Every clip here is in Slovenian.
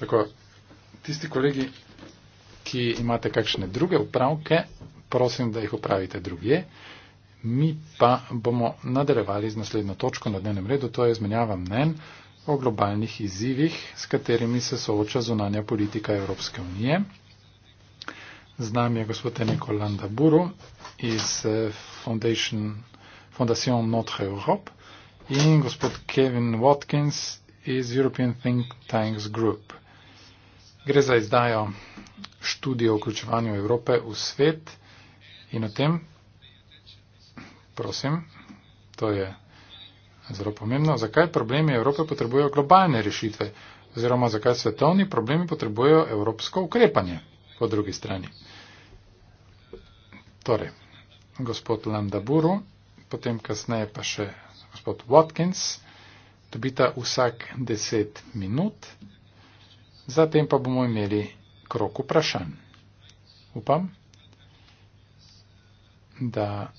Tako, tisti kolegi, ki imate kakšne druge upravke, prosim, da jih upravite druge. Mi pa bomo nadaljevali z naslednjo točko na dnevnem redu, to je izmenjava mnen o globalnih izzivih, s katerimi se sooča zunanja politika Evropske unije. Z nami je gospod Nikolanda Buru iz eh, Fondation Notre Europe in gospod Kevin Watkins iz European Think Tanks Group. Gre za izdajo študije o vključevanju Evrope v svet in o tem, prosim, to je zelo pomembno, zakaj problemi Evrope potrebujejo globalne rešitve oziroma zakaj svetovni problemi potrebujejo evropsko ukrepanje po drugi strani. Torej, gospod Landaburu, potem kasneje pa še gospod Watkins, dobita vsak 10 minut, zatem pa bomo imeli krok vprašanj. Upam, da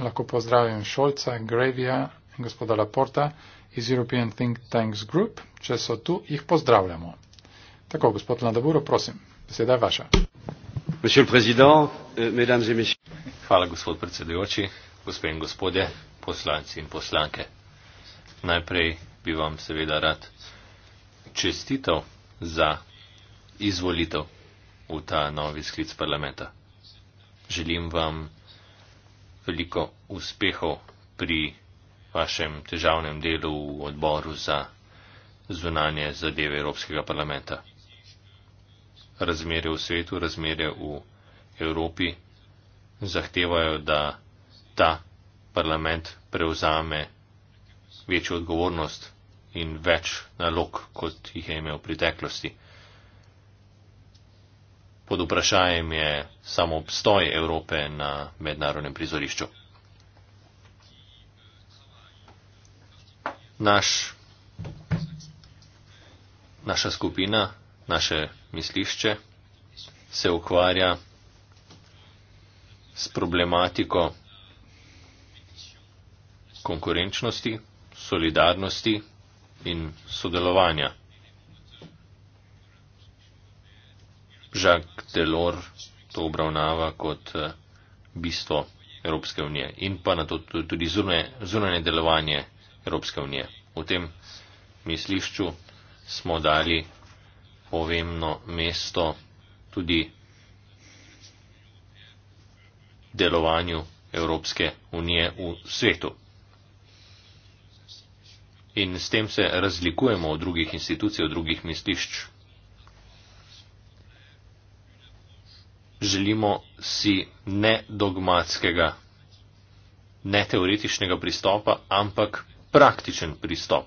lahko pozdravim Šolca, Gravija in gospoda Laporta iz European Think Tanks Group. Če so tu, jih pozdravljamo. Tako, gospod Landaburo, prosim, beseda je vaša. Euh, Hvala, gospod predsedujoči gospe in gospodje, poslanci in poslanke. Najprej bi vam seveda rad čestitev za izvolitev v ta novi sklic parlamenta. Želim vam veliko uspehov pri vašem težavnem delu v odboru za zunanje zadeve Evropskega parlamenta. Razmere v svetu, razmere v Evropi zahtevajo, da da parlament prevzame večjo odgovornost in več nalog, kot jih je imel v preteklosti. Pod vprašanjem je samo obstoj Evrope na mednarodnem prizorišču. Naš, naša skupina, naše mislišče se ukvarja s problematiko konkurenčnosti, solidarnosti in sodelovanja. Jacques Delors to obravnava kot eh, bistvo Evropske unije in pa na to tudi zunanje delovanje Evropske unije. V tem mislišču smo dali povemno mesto tudi delovanju Evropske unije v svetu. In s tem se razlikujemo od drugih institucij, od drugih mestišč. Želimo si ne dogmatskega, ne teoretičnega pristopa, ampak praktičen pristop.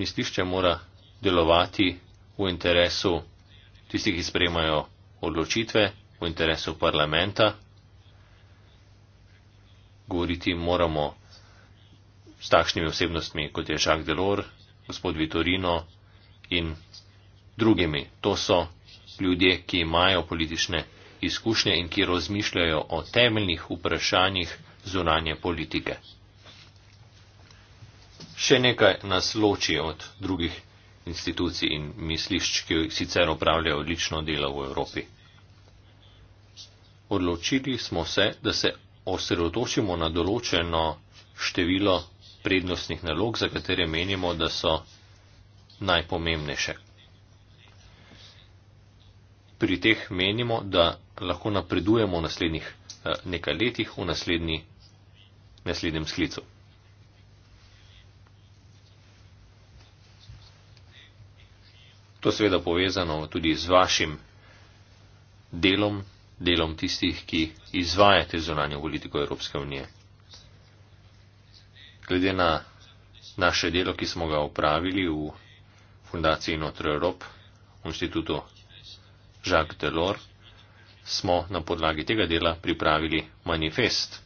Mestišče mora delovati v interesu tistih, ki sprejmajo odločitve, v interesu parlamenta. Govoriti moramo s takšnimi osebnostmi, kot je Jacques Delors, gospod Vitorino in drugimi. To so ljudje, ki imajo politične izkušnje in ki razmišljajo o temeljnih vprašanjih zunanje politike. Še nekaj nas loči od drugih institucij in mislišč, ki sicer opravljajo odlično delo v Evropi. Odločili smo se, da se osredotočimo na določeno število prednostnih nalog, za katere menimo, da so najpomembnejše. Pri teh menimo, da lahko napredujemo v naslednjih eh, nekaj letih v naslednji, naslednjem sklicu. To je seveda povezano tudi z vašim delom, delom tistih, ki izvajate zunanjo politiko Evropske unije glede na naše delo, ki smo ga upravili v Fundaciji Notre Europe, v inštitutu Jacques Delors, smo na podlagi tega dela pripravili manifest,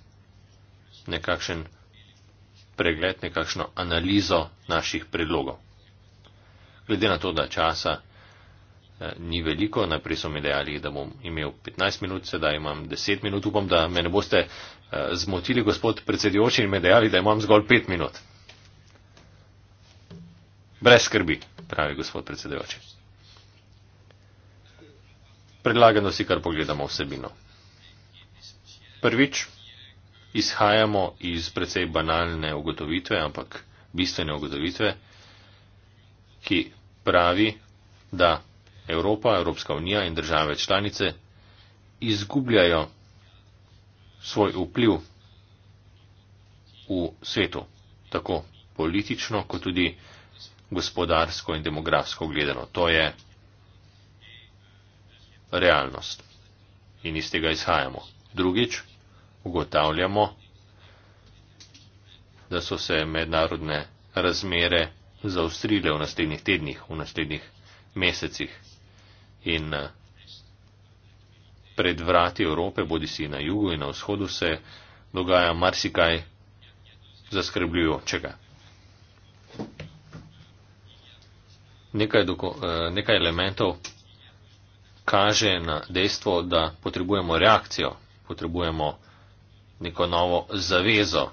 nekakšen pregled, nekakšno analizo naših predlogov. Glede na to, da časa eh, ni veliko, najprej so mi dejali, da bom imel 15 minut, sedaj imam 10 minut, upam, da me ne boste Eh, zmotili, gospod predsedujoči, in me dejali, da imam zgolj pet minut. Brez skrbi, pravi gospod predsedujoči. Predlagano si kar pogledamo vsebino. Prvič, izhajamo iz precej banalne ugotovitve, ampak bistvene ugotovitve, ki pravi, da Evropa, Evropska unija in države članice izgubljajo svoj vpliv v svetu, tako politično, kot tudi gospodarsko in demografsko gledano. To je realnost in iz tega izhajamo. Drugič, ugotavljamo, da so se mednarodne razmere zaustrile v naslednjih tednih, v naslednjih mesecih in eh, pred vrati Evrope, bodi si na jugu in na vzhodu, se dogaja marsikaj zaskrbljujočega. Nekaj, doko, eh, nekaj elementov kaže na dejstvo, da potrebujemo reakcijo, potrebujemo neko novo zavezo,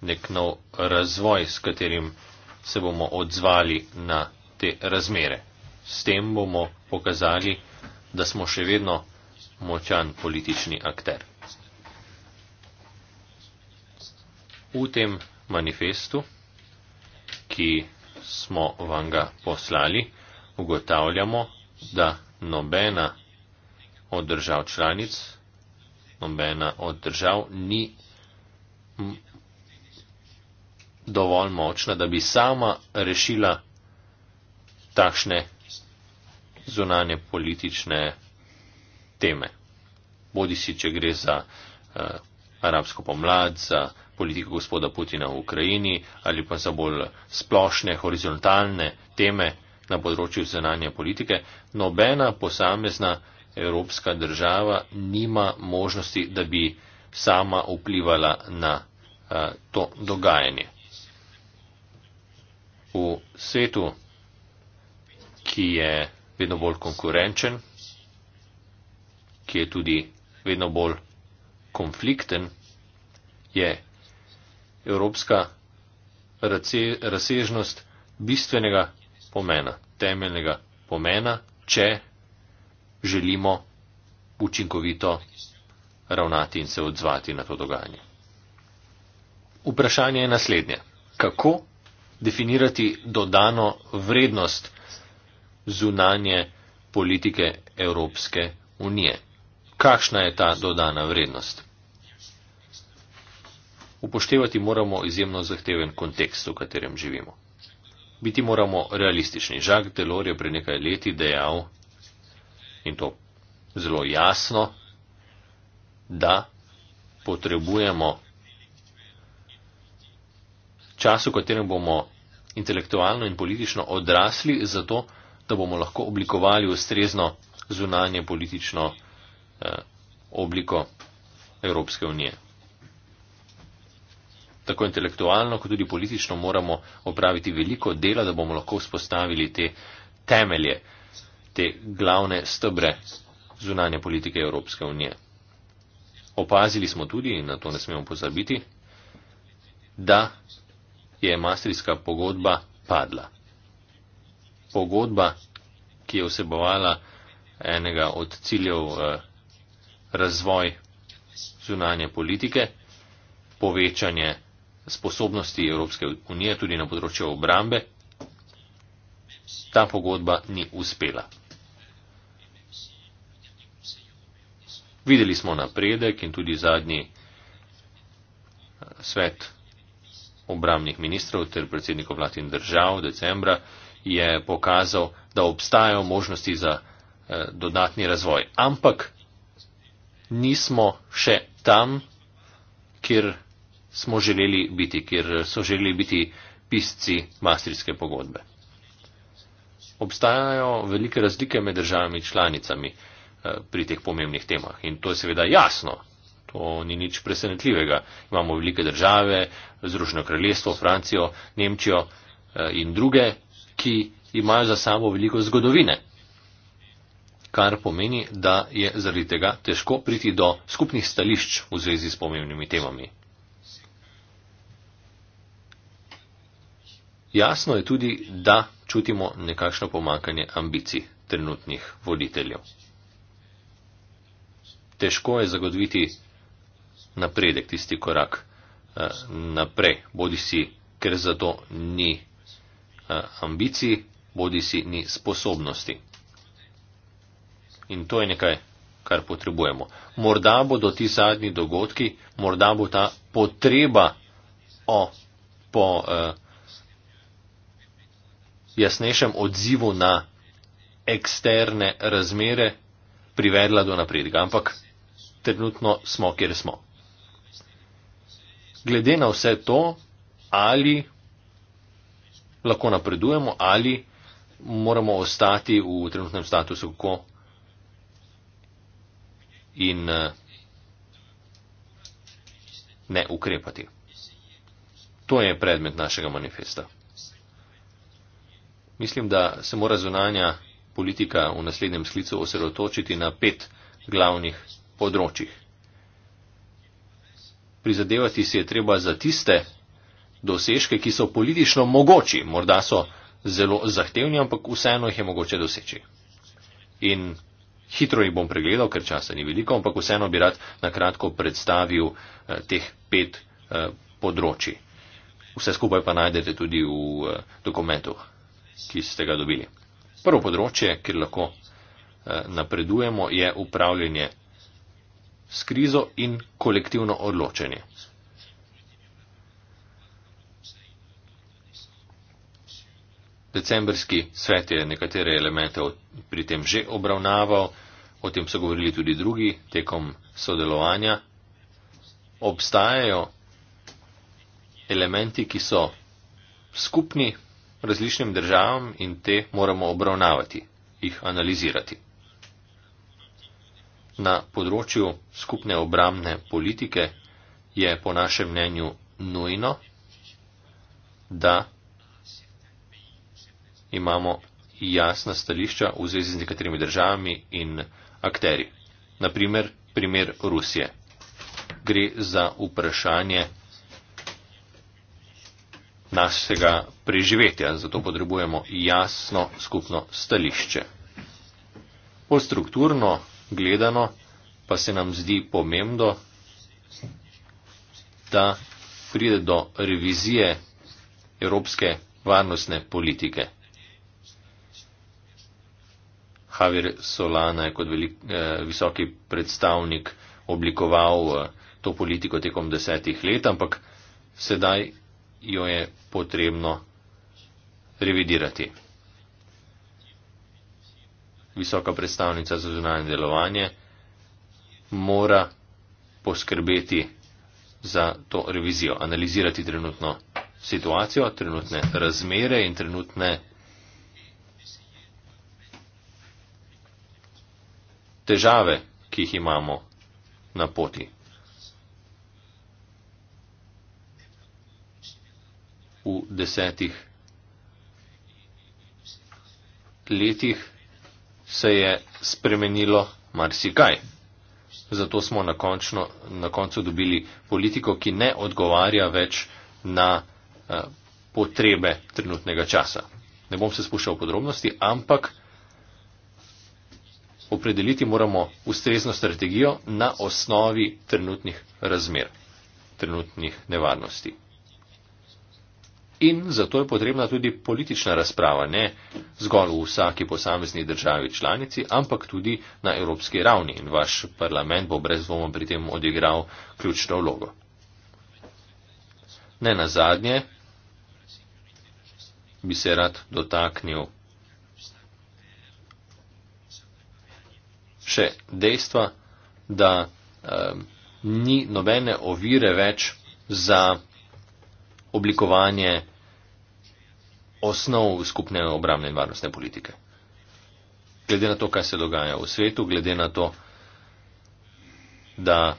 nek nov razvoj, s katerim se bomo odzvali na te razmere. S tem bomo pokazali, da smo še vedno močan politični akter. V tem manifestu, ki smo vam ga poslali, ugotavljamo, da nobena od držav članic, nobena od držav ni dovolj močna, da bi sama rešila takšne zunanje politične teme. Bodi si, če gre za uh, arabsko pomlad, za politiko gospoda Putina v Ukrajini ali pa za bolj splošne, horizontalne teme na področju zunanje politike, nobena posamezna evropska država nima možnosti, da bi sama vplivala na uh, to dogajanje. V svetu, ki je vedno bolj konkurenčen, ki je tudi vedno bolj konflikten, je evropska razsežnost bistvenega pomena, temeljnega pomena, če želimo učinkovito ravnati in se odzvati na to dogajanje. Vprašanje je naslednje. Kako definirati dodano vrednost zunanje politike Evropske unije? kakšna je ta dodana vrednost. Upoštevati moramo izjemno zahteven kontekst, v katerem živimo. Biti moramo realistični. Žak Delor je pre nekaj leti dejal, in to zelo jasno, da potrebujemo čas, v katerem bomo intelektualno in politično odrasli, zato da bomo lahko oblikovali ustrezno zunanje politično Eh, obliko Evropske unije. Tako intelektualno, kot tudi politično moramo opraviti veliko dela, da bomo lahko vzpostavili te temelje, te glavne stebre zunanje politike Evropske unije. Opazili smo tudi, in na to ne smemo pozabiti, da je Maastrichtska pogodba padla. Pogodba, ki je vsebovala enega od ciljev eh, razvoj zunanje politike, povečanje sposobnosti Evropske unije tudi na področju obrambe, ta pogodba ni uspela. Videli smo napredek in tudi zadnji eh, svet obramnih ministrov ter predsednikov vlad in držav decembra je pokazal, da obstajajo možnosti za eh, dodatni razvoj. Ampak nismo še tam, kjer smo želeli biti, kjer so želeli biti pisci mastrijske pogodbe. Obstajajo velike razlike med državami članicami eh, pri teh pomembnih temah in to je seveda jasno. To ni nič presenetljivega. Imamo velike države, Združeno kraljestvo, Francijo, Nemčijo eh, in druge, ki imajo za sabo veliko zgodovine kar pomeni, da je zaradi tega težko priti do skupnih stališč v zvezi s pomembnimi temami. Jasno je tudi, da čutimo nekakšno pomankanje ambicij trenutnih voditeljev. Težko je zagotoviti napredek, tisti korak eh, naprej, bodi si, ker za to ni eh, ambicij, bodi si ni sposobnosti in to je nekaj, kar potrebujemo. Morda bodo ti zadnji dogodki, morda bo ta potreba o, po eh, jasnejšem odzivu na eksterne razmere privedla do napredka, ampak trenutno smo, kjer smo. Glede na vse to, ali lahko napredujemo, ali moramo ostati v trenutnem statusu, kako in eh, ne ukrepati. To je predmet našega manifesta. Mislim, da se mora zunanja politika v naslednjem sklicu osredotočiti na pet glavnih področjih. Prizadevati si je treba za tiste dosežke, ki so politično mogoči. Morda so zelo zahtevni, ampak vseeno jih je mogoče doseči. In hitro jih bom pregledal, ker časa ni veliko, ampak vseeno bi rad na kratko predstavil eh, teh pet eh, področji. Vse skupaj pa najdete tudi v eh, dokumentu, ki ste ga dobili. Prvo področje, kjer lahko napredujemo, je upravljanje s krizo in kolektivno odločanje. Decembrski svet je nekatere elemente pri tem že obravnaval o tem so govorili tudi drugi tekom sodelovanja, obstajajo elementi, ki so skupni različnim državam in te moramo obravnavati, jih analizirati. Na področju skupne obramne politike je po našem mnenju nujno, da imamo jasna stališča v zvezi z nekaterimi državami in akteri. Naprimer, primer Rusije. Gre za vprašanje našega preživetja, zato potrebujemo jasno skupno stališče. Postrukturno gledano pa se nam zdi pomembno, da pride do revizije evropske varnostne politike. Javier Solana je kot velik, eh, visoki predstavnik oblikoval eh, to politiko tekom desetih let, ampak sedaj jo je potrebno revidirati. Visoka predstavnica za zunanje delovanje mora poskrbeti za to revizijo, analizirati trenutno situacijo, trenutne razmere in trenutne težave, ki jih imamo na poti. V desetih letih se je spremenilo marsikaj. Zato smo na, končno, na koncu dobili politiko, ki ne odgovarja več na eh, potrebe trenutnega časa. Ne bom se spuščal v podrobnosti, ampak opredeliti moramo ustrezno strategijo na osnovi trenutnih razmer, trenutnih nevarnosti. In zato je potrebna tudi politična razprava, ne zgolj v vsaki posamezni državi članici, ampak tudi na evropski ravni. In vaš parlament bo brez dvoma pri tem odigral ključno vlogo. Ne na zadnje bi se rad dotaknil še dejstva, da um, ni nobene ovire več za oblikovanje osnov skupne obramne in varnostne politike. Glede na to, kaj se dogaja v svetu, glede na to, da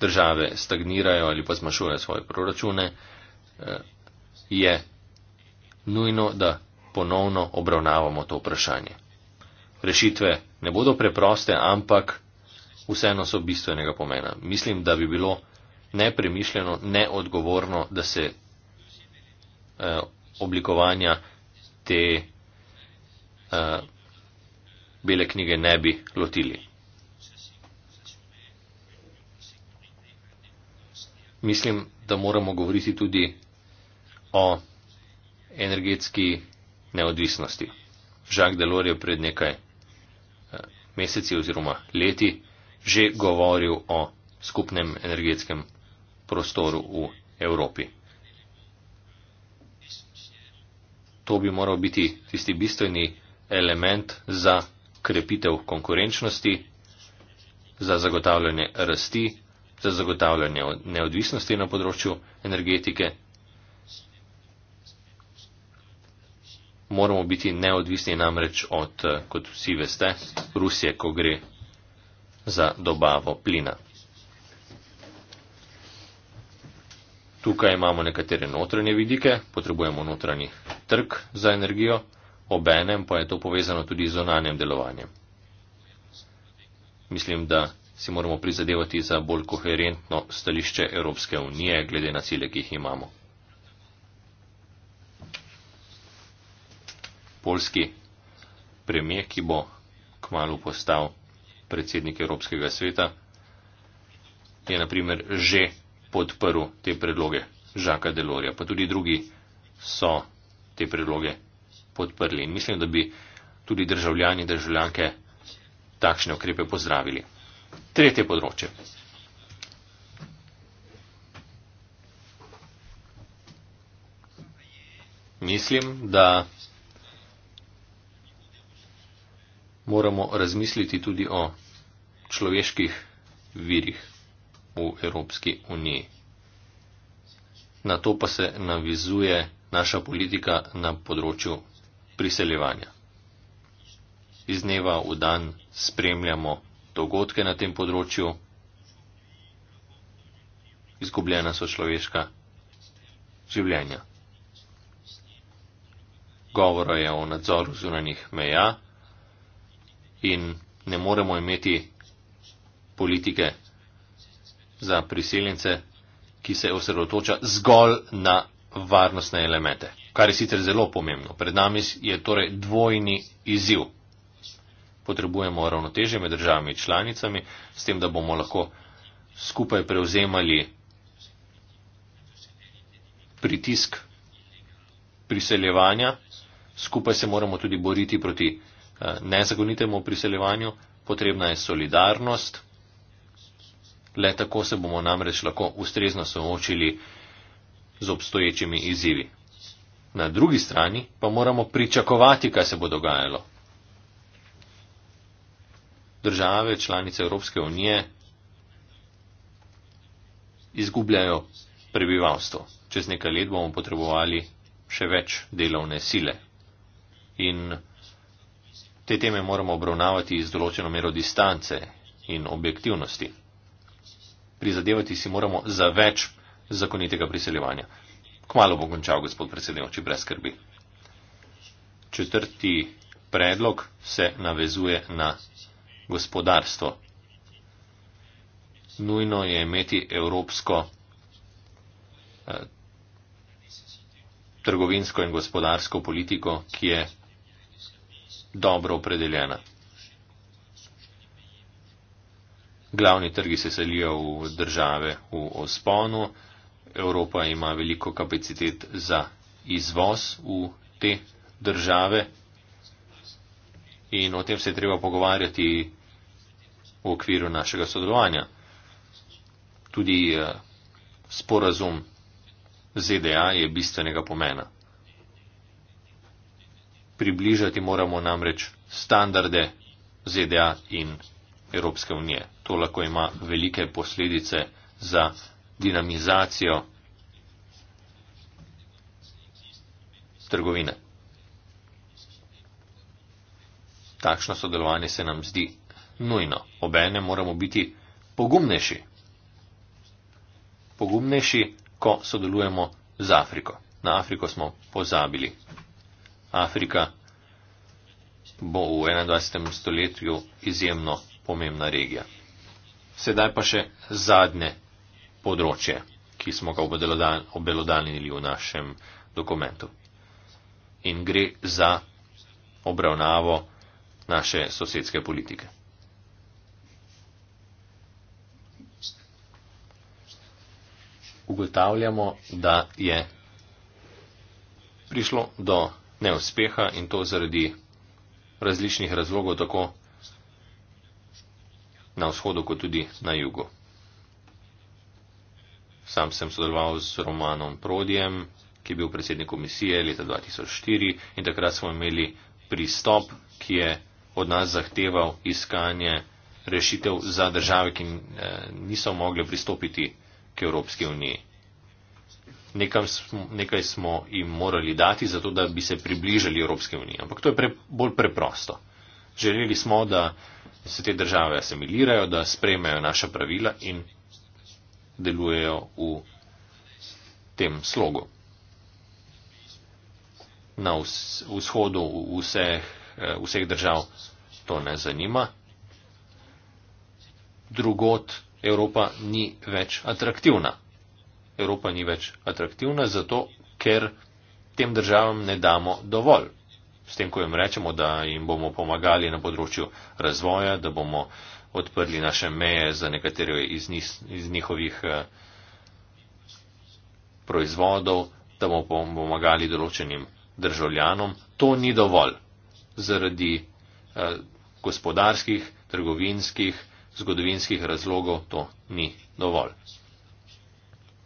države stagnirajo ali pa zmašujejo svoje proračune, eh, je nujno, da ponovno obravnavamo to vprašanje rešitve ne bodo preproste, ampak vseeno so bistvenega pomena. Mislim, da bi bilo nepremišljeno, neodgovorno, da se eh, oblikovanja te eh, bele knjige ne bi lotili. Mislim, da moramo govoriti tudi o energetski neodvisnosti. Žak Delor je pred nekaj meseci oziroma leti že govoril o skupnem energetskem prostoru v Evropi. To bi moral biti tisti bistveni element za krepitev konkurenčnosti, za zagotavljanje rasti, za zagotavljanje neodvisnosti na področju energetike moramo biti neodvisni namreč od, eh, kot vsi veste, Rusije, ko gre za dobavo plina. Tukaj imamo nekatere notranje vidike, potrebujemo notranji trg za energijo, obenem pa je to povezano tudi z zonanjem delovanjem. Mislim, da si moramo prizadevati za bolj koherentno stališče Evropske unije glede na cilje, ki jih imamo. polski premijer, ki bo kmalo postal predsednik Evropskega sveta, je na primer že podprl te predloge Žaka Delorja, pa tudi drugi so te predloge podprli. In mislim, da bi tudi državljani in državljanke takšne okrepe pozdravili. Tretje področje. Mislim, da moramo razmisliti tudi o človeških virih v Evropski uniji. Na to pa se navizuje naša politika na področju priseljevanja. Iz dneva v dan spremljamo dogodke na tem področju, izgubljena so človeška življenja. Govora je o nadzoru zunanih meja in ne moremo imeti politike za priseljence, ki se osredotoča zgolj na varnostne elemente, kar je sicer zelo pomembno. Pred nami je torej dvojni izziv. Potrebujemo ravnoteže med državami in članicami, s tem, da bomo lahko skupaj prevzemali pritisk priseljevanja, skupaj se moramo tudi boriti proti Eh, nezagonitemu priseljevanju, potrebna je solidarnost. Le tako se bomo namreč lahko ustrezno soočili z obstoječimi izzivi. Na drugi strani pa moramo pričakovati, kaj se bo dogajalo. Države članice Evropske unije izgubljajo prebivalstvo. Čez nekaj let bomo potrebovali še več delovne sile. In Te teme moramo obravnavati z določeno mero distance in objektivnosti. Prizadevati si moramo za več zakonitega priseljevanja. Kmalo bom končal, gospod predsedujoči, brez skrbi. Četrti predlog se navezuje na gospodarstvo. Nujno je imeti evropsko eh, trgovinsko in gospodarsko politiko, ki je dobro opredeljena. Glavni trgi se selijo v države v osponu, Evropa ima veliko kapacitet za izvoz v te države in o tem se je treba pogovarjati v okviru našega sodelovanja. Tudi eh, sporazum ZDA je bistvenega pomena približati moramo namreč standarde ZDA in Evropske unije. To lahko ima velike posledice za dinamizacijo trgovine. Takšno sodelovanje se nam zdi nujno. Obene moramo biti pogumnejši. Pogumnejši, ko sodelujemo z Afriko. Na Afriko smo pozabili. Afrika bo v 21. stoletju izjemno pomembna regija. Sedaj pa še zadnje področje, ki smo ga obelodanili v našem dokumentu. In gre za obravnavo naše sosedske politike. Ugotavljamo, da je prišlo do ne uspeha in to zaradi različnih razlogov, tako na vzhodu, kot tudi na jugu. Sam sem sodeloval z Romanom Prodijem, ki je bil predsednik komisije leta 2004 in takrat smo imeli pristop, ki je od nas zahteval iskanje rešitev za države, ki eh, niso mogle pristopiti k Evropski uniji nekaj, nekaj smo jim morali dati, zato da bi se približali Evropske unije. Ampak to je pre, bolj preprosto. Želeli smo, da se te države asimilirajo, da sprejmejo naša pravila in delujejo v tem slogu. Na vzhodu vseh, eh, vseh držav to ne zanima. Drugot Evropa ni več atraktivna. Evropa ni več atraktivna, zato ker tem državam ne damo dovolj. S tem, ko jim rečemo, da jim bomo pomagali na področju razvoja, da bomo odprli naše meje za nekatere iz, njih, iz njihovih eh, proizvodov, da bomo pomagali določenim državljanom, to ni dovolj. Zaradi eh, gospodarskih, trgovinskih, zgodovinskih razlogov to ni dovolj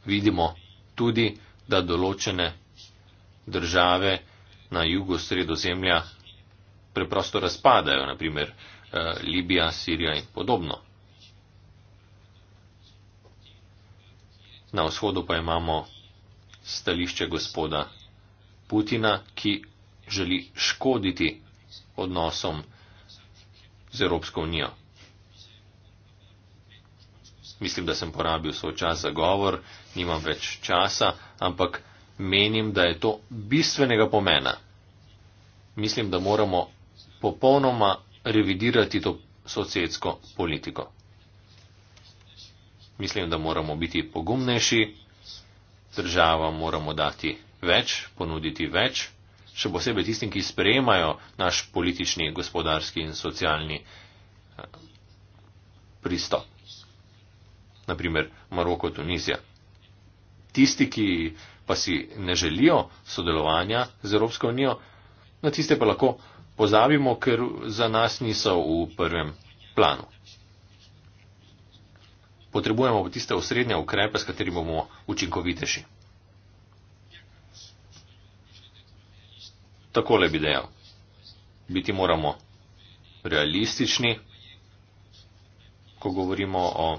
vidimo tudi, da določene države na jugu sredozemlja preprosto razpadajo, naprimer eh, Libija, Sirija in podobno. Na vzhodu pa imamo stališče gospoda Putina, ki želi škoditi odnosom z Evropsko unijo mislim, da sem porabil svoj čas za govor, nimam več časa, ampak menim, da je to bistvenega pomena. Mislim, da moramo popolnoma revidirati to sosedsko politiko. Mislim, da moramo biti pogumnejši, država moramo dati več, ponuditi več, še posebej tistim, ki sprejemajo naš politični, gospodarski in socialni eh, pristop naprimer Maroko, Tunizija. Tisti, ki pa si ne želijo sodelovanja z Evropsko unijo, na tiste pa lahko pozabimo, ker za nas niso v prvem planu. Potrebujemo pa tiste osrednje ukrepe, s katerimi bomo učinkovitejši. Takole bi dejal. Biti moramo realistični, ko govorimo o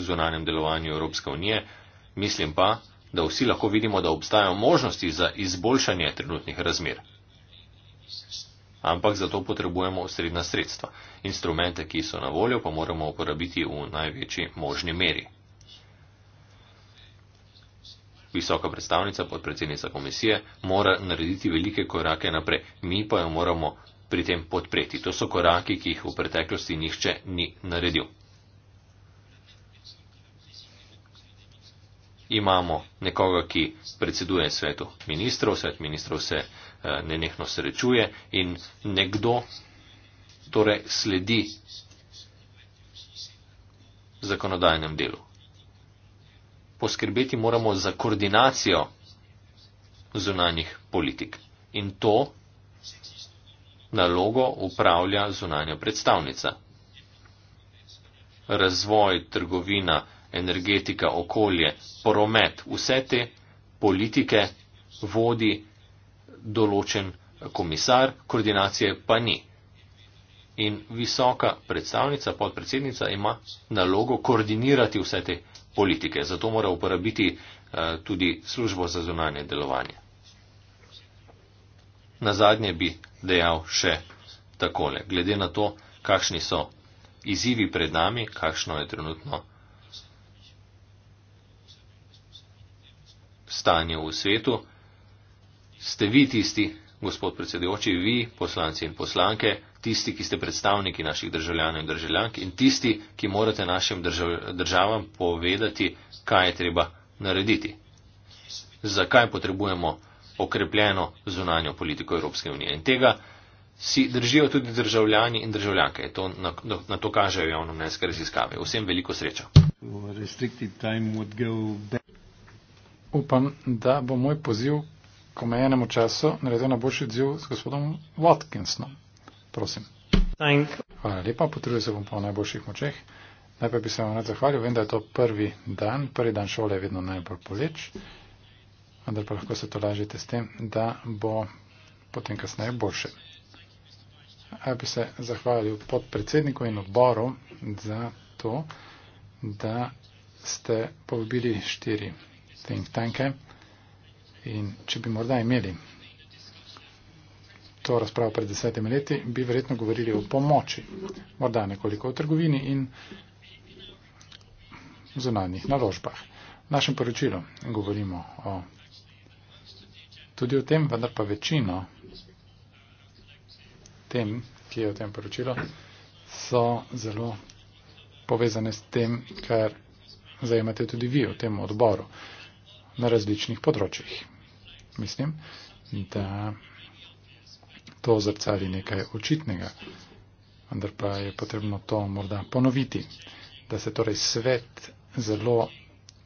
zunanjem delovanju Evropske unije, mislim pa, da vsi lahko vidimo, da obstajajo možnosti za izboljšanje trenutnih razmer. Ampak zato potrebujemo ustredna sredstva. Instrumente, ki so na voljo, pa moramo uporabiti v največji možni meri. Visoka predstavnica, podpredsednica komisije, mora narediti velike korake naprej. Mi pa jo moramo pri tem podpreti. To so koraki, ki jih v preteklosti nihče ni naredil. imamo nekoga, ki predseduje svetu ministrov, svet ministrov se eh, nenehno srečuje in nekdo torej sledi zakonodajnem delu. Poskrbeti moramo za koordinacijo zunanjih politik in to nalogo upravlja zunanja predstavnica. Razvoj, trgovina, energetika, okolje, promet, vse te politike vodi določen komisar, koordinacije pa ni. In visoka predstavnica, podpredsednica ima nalogo koordinirati vse te politike, zato mora uporabiti eh, tudi službo za zunanje delovanje. Na zadnje bi dejal še takole, glede na to, kakšni so izzivi pred nami, kakšno je trenutno stanje v svetu. Ste vi tisti, gospod predsedujoči, vi, poslanci in poslanke, tisti, ki ste predstavniki naših državljanov in državljank in tisti, ki morate našim držav, državam povedati, kaj je treba narediti. Zakaj potrebujemo okrepljeno zunanjo politiko Evropske unije. In tega si držijo tudi državljani in državljanke. To na, na, na to kažejo javno mnenjske raziskave. Vsem veliko sreča upam, da bo moj poziv k omejenemu času naredil na boljši odziv z gospodom Watkinsom. Prosim. Thank. Hvala lepa, potrudil se bom po najboljših močeh. Najprej bi se vam rad zahvalil, vem, da je to prvi dan, prvi dan šole je vedno najbolj poleč, vendar pa lahko se to lažite s tem, da bo potem kasneje boljše. Ja bi se zahvalil podpredsedniku in odboru za to, da ste povabili štiri think tanke in če bi morda imeli to razpravo pred desetimi leti, bi verjetno govorili o pomoči, morda nekoliko o trgovini in zunanjih naložbah. V našem poročilu govorimo o, tudi o tem, vendar pa večino tem, ki je o tem poročilo, so zelo povezane s tem, kar zajemate tudi vi v tem odboru na različnih področjih. Mislim, da to zrcali nekaj očitnega, vendar pa je potrebno to morda ponoviti, da se torej svet zelo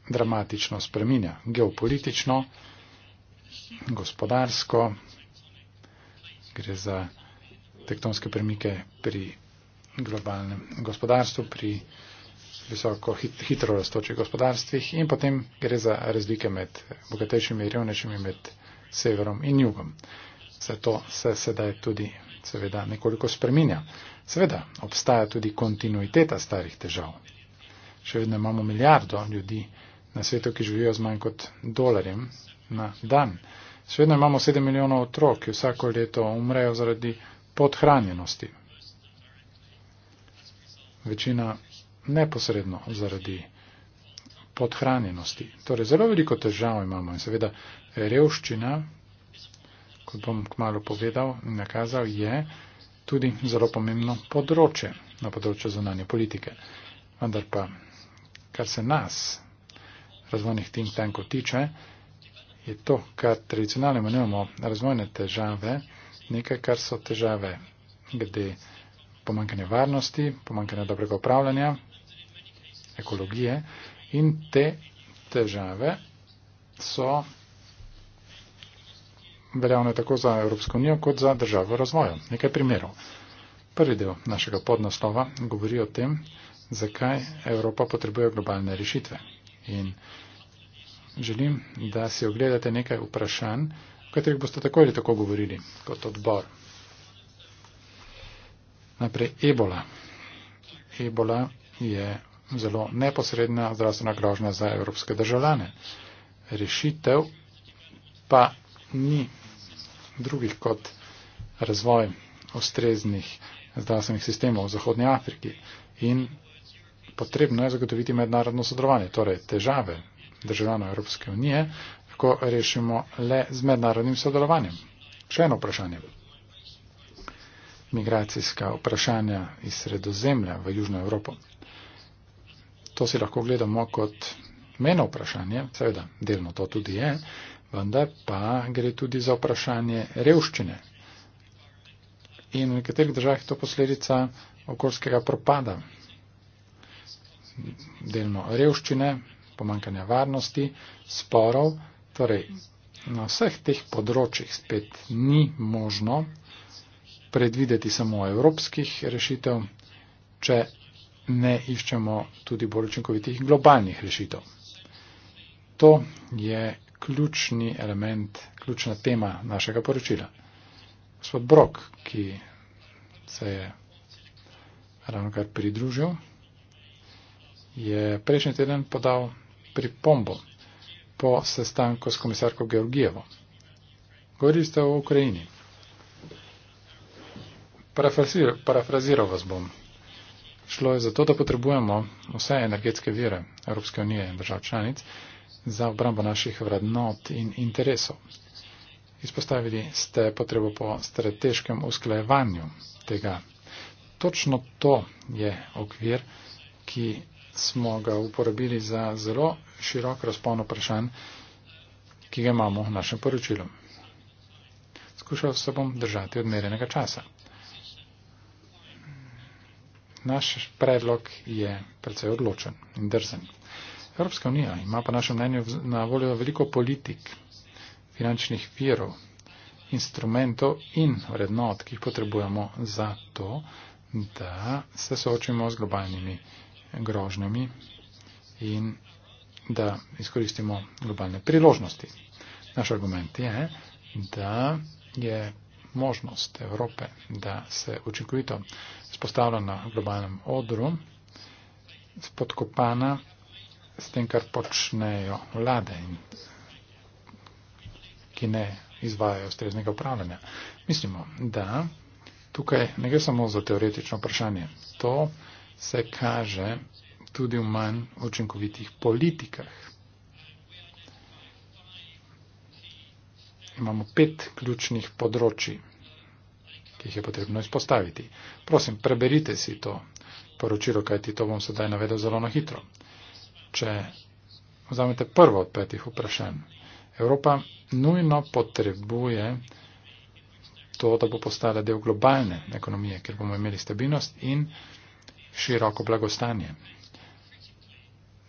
dramatično spreminja geopolitično, gospodarsko, gre za tektonske premike pri globalnem gospodarstvu, pri visoko hit, hitro raztočih gospodarstvih in potem gre za razlike med bogatejšimi in revnejšimi, med severom in jugom. Zato se sedaj tudi seveda nekoliko spreminja. Seveda obstaja tudi kontinuiteta starih težav. Še vedno imamo milijardo ljudi na svetu, ki živijo z manj kot dolarjem na dan. Še vedno imamo 7 milijonov otrok, ki vsako leto umrejo zaradi podhranjenosti. Večina neposredno zaradi podhranjenosti. Torej, zelo veliko težav imamo in seveda revščina, kot bom kmalo povedal in nakazal, je tudi zelo pomembno področje na področju zunanje politike. Vendar pa, kar se nas, razvojnih think tankov, tiče, je to, kar tradicionalno imenujemo razvojne težave, nekaj, kar so težave glede pomankanja varnosti, pomankanja dobrega upravljanja, ekologije in te težave so veljavne tako za Evropsko unijo, kot za državo razvoja. Nekaj primerov. Prvi del našega podnaslova govori o tem, zakaj Evropa potrebuje globalne rešitve. In želim, da si ogledate nekaj vprašanj, o katerih boste tako ali tako govorili kot odbor. Najprej ebola. Ebola je zelo neposredna zdravstvena grožnja za evropske državljane. Rešitev pa ni drugih kot razvoj ustreznih zdravstvenih sistemov v Zahodnji Afriki in potrebno je zagotoviti mednarodno sodelovanje, torej težave državljanov Evropske unije, ko rešimo le z mednarodnim sodelovanjem. Še eno vprašanje. Migracijska vprašanja iz sredozemlja v Južno Evropo. To si lahko gledamo kot meno vprašanje, seveda delno to tudi je, vendar pa gre tudi za vprašanje revščine. In v nekaterih državah je to posledica okoljskega propada, delno revščine, pomankanja varnosti, sporov. Torej, na vseh teh področjih spet ni možno predvideti samo evropskih rešitev, če ne iščemo tudi bolj učinkovitih globalnih rešitev. To je ključni element, ključna tema našega poročila. Gospod Brok, ki se je ravno kar pridružil, je prejšnji teden podal pripombo po sestanku s komisarko Georgijevo. Govorili ste o Ukrajini. Parafraziral, parafraziral vas bom. Šlo je zato, da potrebujemo vse energetske vire Evropske unije in držav članic za obrambo naših vrednot in interesov. Izpostavili ste potrebo po strateškem usklajevanju tega. Točno to je okvir, ki smo ga uporabili za zelo širok razpon vprašanj, ki ga imamo v našem poročilu. Skušal se bom držati odmerenega časa naš predlog je precej odločen in drzen. Evropska unija ima po našem mnenju na voljo veliko politik, finančnih virov, instrumentov in vrednot, ki jih potrebujemo za to, da se soočimo z globalnimi grožnjami in da izkoristimo globalne priložnosti. Naš argument je, da je možnost Evrope, da se učinkovito spostavlja na globalnem odru, spodkopana s tem, kar počnejo vlade, ki ne izvajajo streznega upravljanja. Mislimo, da tukaj ne gre samo za teoretično vprašanje. To se kaže tudi v manj učinkovitih politikah. imamo pet ključnih področji, ki jih je potrebno izpostaviti. Prosim, preberite si to poročilo, kaj ti to bom sedaj navedel zelo na hitro. Če vzamete prvo od petih vprašanj, Evropa nujno potrebuje to, da bo postala del globalne ekonomije, ker bomo imeli stabilnost in široko blagostanje.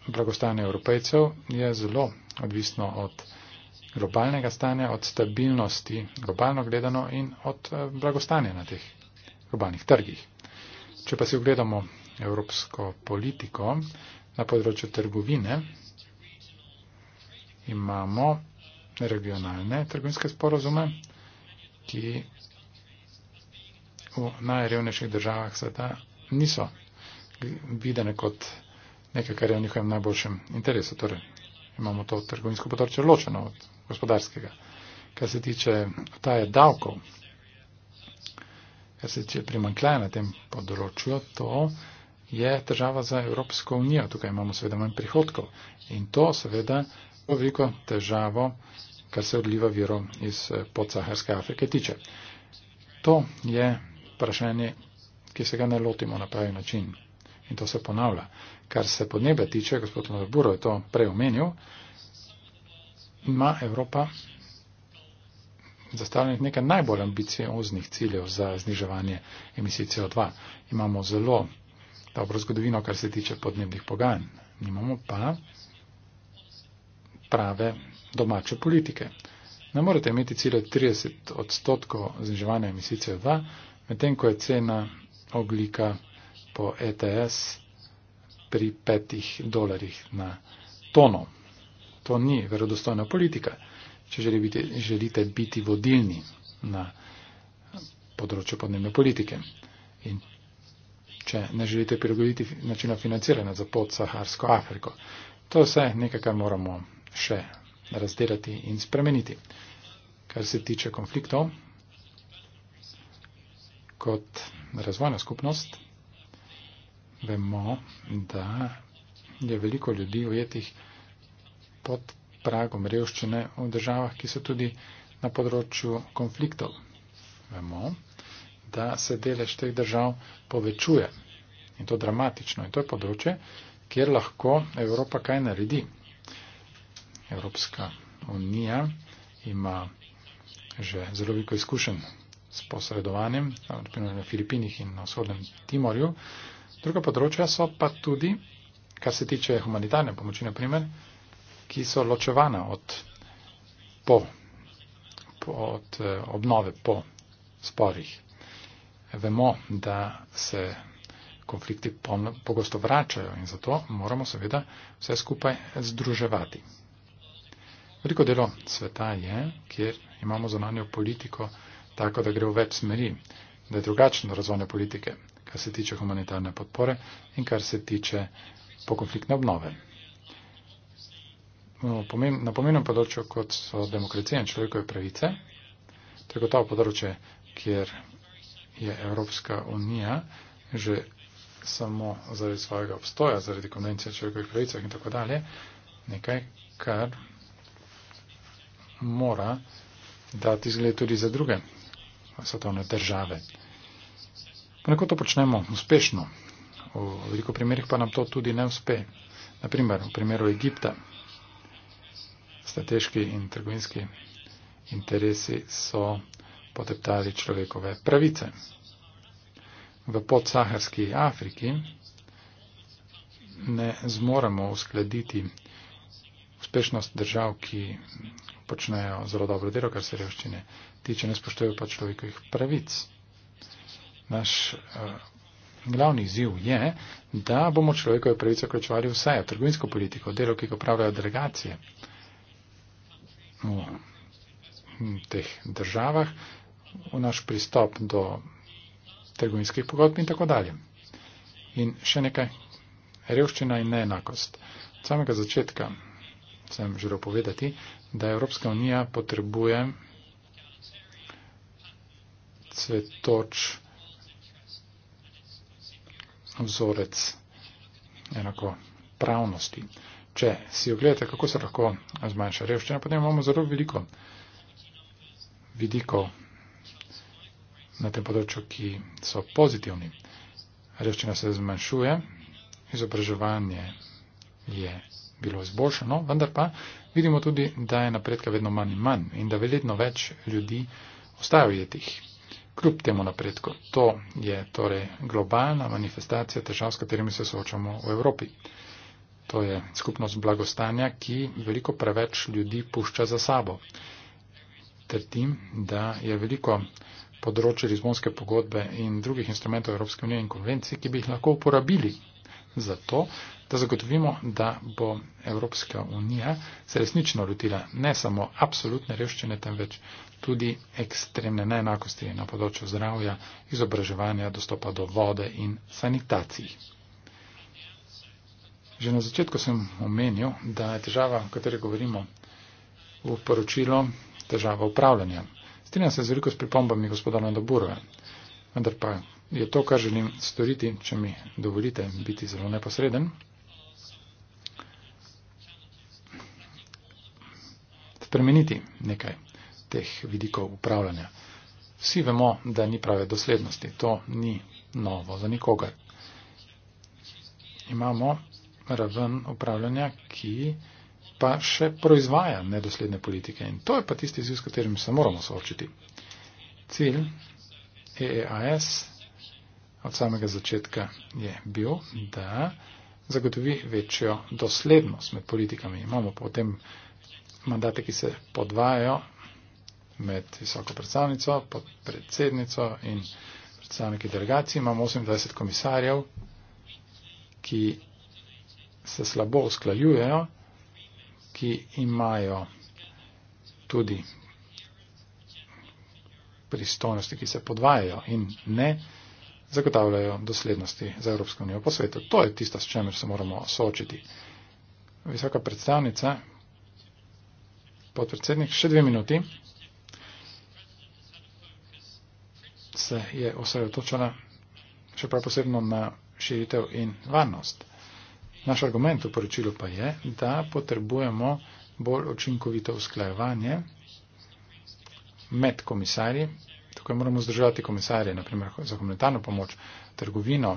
Blagostanje evropejcev je zelo odvisno od globalnega stanja, od stabilnosti globalno gledano in od eh, blagostanja na teh globalnih trgih. Če pa si ogledamo evropsko politiko na področju trgovine, imamo regionalne trgovinske sporozume, ki v najrevnejših državah sveta niso videne kot nekaj, kar je v njihovem najboljšem interesu. Torej, imamo to trgovinsko področje ločeno od gospodarskega. Kar se tiče taje davkov, kar se tiče primankljaja na tem področju, to je država za Evropsko unijo. Tukaj imamo seveda manj prihodkov in to seveda veliko težavo, kar se odliva viro iz eh, podsaharske Afrike tiče. To je vprašanje, ki se ga ne lotimo na pravi način in to se ponavlja. Kar se podnebe tiče, gospod Mazaburo je to preomenil, ima Evropa zastavljenih nekaj najbolj ambicioznih ciljev za zniževanje emisij CO2. Imamo zelo dobro zgodovino, kar se tiče podnebnih pogajanj, nimamo pa prave domače politike. Ne morete imeti cilje 30 odstotkov zniževanja emisij CO2, medtem ko je cena oglika po ETS pri 5 dolarjih na tono to ni verodostojna politika, če želite, želite biti vodilni na področju podnebne politike. In če ne želite prilagoditi načina financiranja za podsaharsko Afriko. To je vse nekaj, kar moramo še razdelati in spremeniti. Kar se tiče konfliktov, kot razvojna skupnost, vemo, da je veliko ljudi ujetih pod pragom revščine v državah, ki so tudi na področju konfliktov. Vemo, da se delež teh držav povečuje in to dramatično. In to je področje, kjer lahko Evropa kaj naredi. Evropska unija ima že zelo veliko izkušenj s posredovanjem, naprimer na Filipinih in na vzhodnem Timorju. Druga področja so pa tudi, kar se tiče humanitarne pomoči, naprimer, ki so ločevana od, po, od eh, obnove po sporih. Vemo, da se konflikti pogosto vračajo in zato moramo seveda vse skupaj združevati. Veliko delo sveta je, kjer imamo zonanjo politiko tako, da gre v več smeri, da je drugačno razvojne politike, kar se tiče humanitarne podpore in kar se tiče pokonfliktne obnove na pomenem področju, kot so demokracija in človekove pravice. To je gotovo področje, kjer je Evropska unija že samo zaradi svojega obstoja, zaradi konvencije o človekovih pravicah in tako dalje, nekaj, kar mora dati izgled tudi za druge svetovne države. Ponekod to počnemo uspešno, v veliko primerih pa nam to tudi ne uspe. Naprimer, v primeru Egipta, strateški in trgovinski interesi so poteptali človekove pravice. V podsaharski Afriki ne zmoremo uskladiti uspešnost držav, ki počnejo zelo dobro delo, kar se revščine tiče, ne spoštujejo pa človekovih pravic. Naš uh, glavni ziv je, da bomo človekove pravice vključevali vse, trgovinsko politiko, delo, ki ga pravijo delegacije, uh, v teh državah, v naš pristop do trgovinskih pogodb in tako dalje. In še nekaj, revščina in neenakost. Od samega začetka sem želel povedati, da Evropska unija potrebuje cvetoč vzorec enako pravnosti če si ogledate, kako se lahko zmanjša revščina, potem imamo zelo veliko vidikov na tem področju, ki so pozitivni. Revščina se zmanjšuje, izobraževanje je bilo izboljšano, vendar pa vidimo tudi, da je napredka vedno manj in manj in da vedno več ljudi ostaja ujetih. Kljub temu napredku, to je torej globalna manifestacija težav, s katerimi se soočamo v Evropi. To je skupnost blagostanja, ki veliko preveč ljudi pušča za sabo. Trdim, da je veliko področje Lizbonske pogodbe in drugih instrumentov Evropske unije in konvencij, ki bi jih lahko uporabili za to, da zagotovimo, da bo Evropska unija se resnično lotila ne samo absolutne revščine, temveč tudi ekstremne neenakosti na področju zdravja, izobraževanja, dostopa do vode in sanitacij. Že na začetku sem omenil, da je težava, o kateri govorimo, v poročilu težava upravljanja. Strinjam se z veliko s pripombami gospodarna do burve, vendar pa je to, kar želim storiti, če mi dovolite biti zelo neposreden. Spremeniti nekaj teh vidikov upravljanja. Vsi vemo, da ni prave doslednosti. To ni novo za nikogar. Imamo raven upravljanja, ki pa še proizvaja nedosledne politike. In to je pa tisti izziv, s katerim se moramo soočiti. Cilj EEAS od samega začetka je bil, da zagotovi večjo doslednost med politikami. Imamo potem mandate, ki se podvajajo med visoko predstavnico, predsednico in predstavniki delegacij. Imamo 28 komisarjev, ki se slabo usklajujejo, ki imajo tudi pristojnosti, ki se podvajajo in ne zagotavljajo doslednosti za Evropsko unijo po svetu. To je tisto, s čemer se moramo soočiti. Visoka predstavnica, podpredsednik, še dve minuti se je osredotočila še prav posebno na širitev in varnost. Naš argument v poročilu pa je, da potrebujemo bolj očinkovito usklajevanje med komisarji. Tukaj moramo združevati komisarje, naprimer za humanitarno pomoč, trgovino,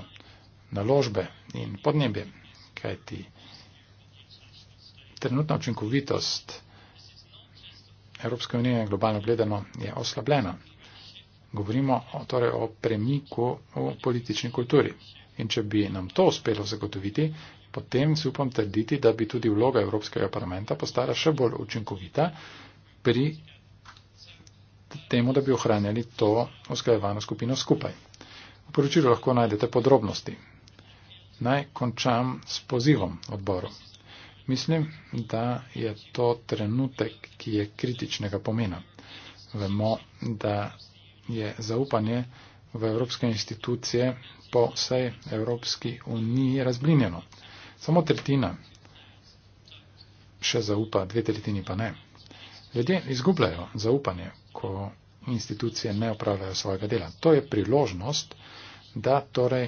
naložbe in podnebje, kajti trenutna očinkovitost Evropske unije globalno gledano je oslabljena. Govorimo o, torej o premiku v politični kulturi. In če bi nam to uspelo zagotoviti, potem si upam trditi, da bi tudi vloga Evropskega parlamenta postala še bolj učinkovita pri temu, da bi ohranjali to usklajevano skupino skupaj. V poročilu lahko najdete podrobnosti. Naj končam s pozivom odboru. Mislim, da je to trenutek, ki je kritičnega pomena. Vemo, da je zaupanje v evropske institucije po vsej Evropski uniji razblinjeno. Samo tretjina še zaupa, dve tretjini pa ne. Ljudje izgubljajo zaupanje, ko institucije ne opravljajo svojega dela. To je priložnost, da torej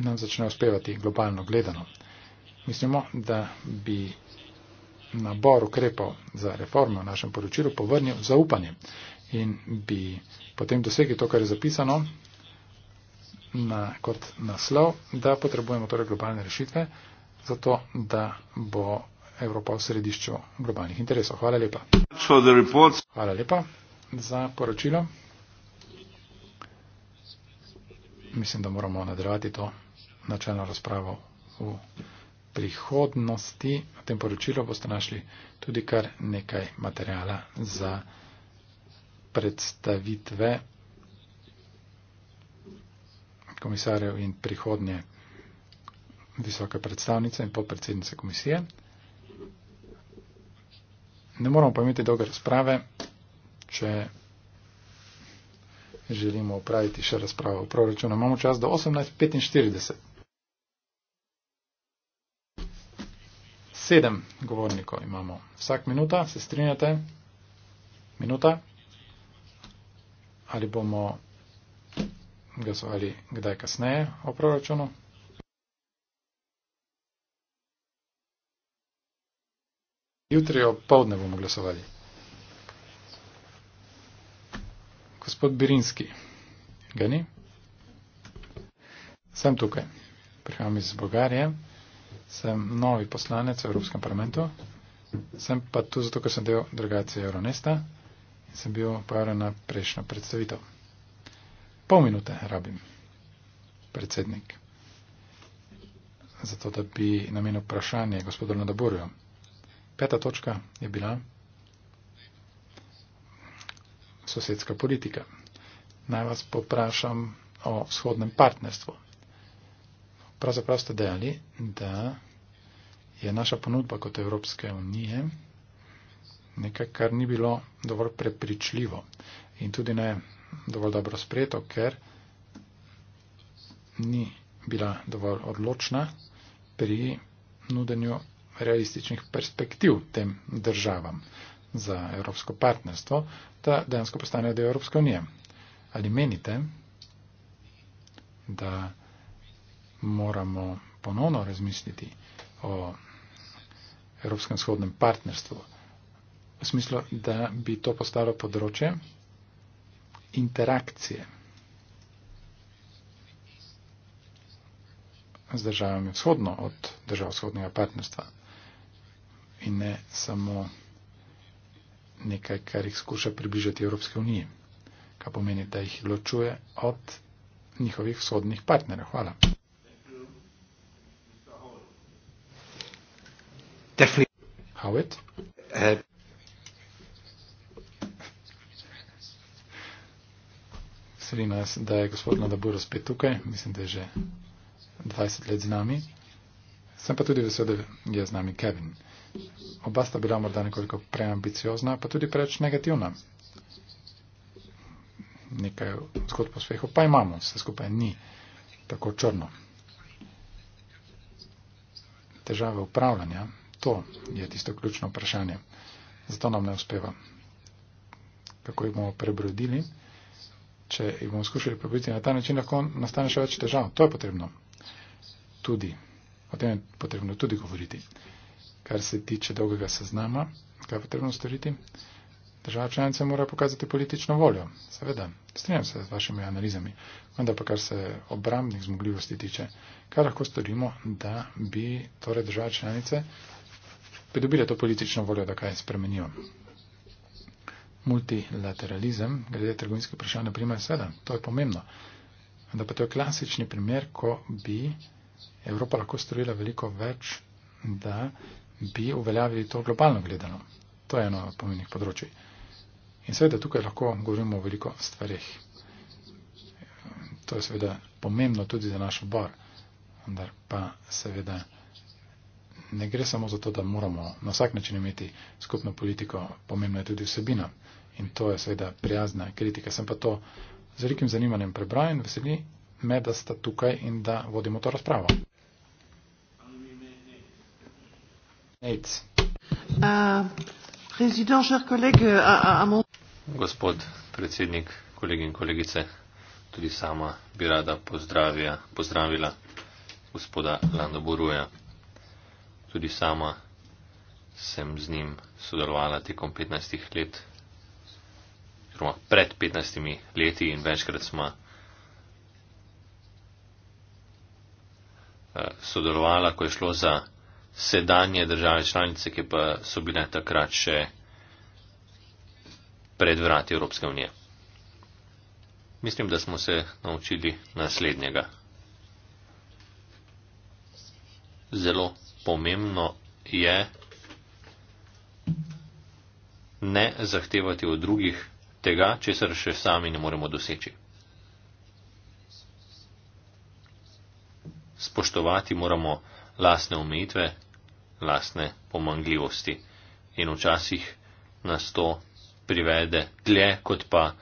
nam začne uspevati globalno gledano. Mislimo, da bi nabor ukrepov za reforme v našem poročilu povrnil zaupanje in bi potem dosegli to, kar je zapisano na, kot naslov, da potrebujemo torej globalne rešitve zato, da bo Evropa v središču globalnih interesov. Hvala lepa. Hvala lepa za poročilo. Mislim, da moramo nadrevati to načelno razpravo v prihodnosti. V tem poročilu boste našli tudi kar nekaj materijala za predstavitve komisarjev in prihodnje visoke predstavnice in podpredsednice komisije. Ne moramo pa imeti dolge razprave, če želimo upraviti še razpravo v proračunu. Imamo čas do 18.45. Sedem govornikov imamo. Vsak minuta, se strinjate? Minuta? Ali bomo glasovali kdaj kasneje o proračunu? Jutri o povdne bomo glasovali. Gospod Birinski, ga ni? Sem tukaj. Prihajam iz Bolgarije. Sem novi poslanec v Evropskem parlamentu. Sem pa tu zato, ker sem del delegacije Euronesta in sem bil pojavljen na prejšnjo predstavitev. Pol minute rabim, predsednik, zato da bi namenil vprašanje gospodu Nadaburju. Peta točka je bila sosedska politika. Naj vas poprašam o vzhodnem partnerstvu. Pravzaprav ste dejali, da je naša ponudba kot Evropske unije nekaj, kar ni bilo dovolj prepričljivo in tudi ne dovolj dobro sprejeto, ker ni bila dovolj odločna pri nudenju realističnih perspektiv tem državam za evropsko partnerstvo, da dejansko postanejo del Evropske unije. Ali menite, da moramo ponovno razmisliti o Evropskem shodnem partnerstvu v smislu, da bi to postalo področje interakcije z državami vzhodno od držav vzhodnega partnerstva? in ne samo nekaj, kar jih skuša približati Evropske unije. Kaj pomeni, da jih ločuje od njihovih sodnih partnerjev. Hvala. Howard? Veseli nas, da je gospod Nadaburo spet tukaj. Mislim, da je že 20 let z nami. Sem pa tudi vesel, da je z nami Kevin oba sta bila morda nekoliko preambiciozna, pa tudi preveč negativna. Nekaj zgodb po svehu pa imamo, vse skupaj ni tako črno. Težave upravljanja, to je tisto ključno vprašanje. Zato nam ne uspeva. Kako jih bomo prebrodili? Če jih bomo skušali prebrodili na ta način, lahko nastane še več težav. To je potrebno tudi. O tem je potrebno tudi govoriti kar se tiče dolgega seznama, kaj je potrebno storiti. Država članica mora pokazati politično voljo. Seveda, strinjam se z vašimi analizami, vendar pa kar se obramnih zmogljivosti tiče, kaj lahko storimo, da bi torej država članice pridobile to politično voljo, da kaj spremenijo. Multilateralizem, glede trgovinske vprašanja, primer, seveda, to je pomembno. Vendar pa to je klasični primer, ko bi Evropa lahko storila veliko več, da bi uveljavili to globalno gledano. To je eno od pomembnih področji. In seveda tukaj lahko govorimo o veliko stvarih. To je seveda pomembno tudi za naš obor, vendar pa seveda ne gre samo za to, da moramo na vsak način imeti skupno politiko, pomembna je tudi vsebina. In to je seveda prijazna kritika. Sem pa to z velikim zanimanjem prebral in veseli me, da sta tukaj in da vodimo to razpravo. Uh, uh, uh, Gospod predsednik, kolegi in kolegice, tudi sama bi rada pozdravila gospoda Lando Boruja. Tudi sama sem z njim sodelovala tekom 15 let, oziroma pred 15 leti in večkrat smo sodelovala, ko je šlo za sedanje države članice, ki pa so bile takrat še pred vrati Evropske unije. Mislim, da smo se naučili naslednjega. Zelo pomembno je ne zahtevati od drugih tega, česar še sami ne moremo doseči. Spoštovati moramo lasne omejitve, lastne pomangljivosti in včasih nas to privede dlje, kot pa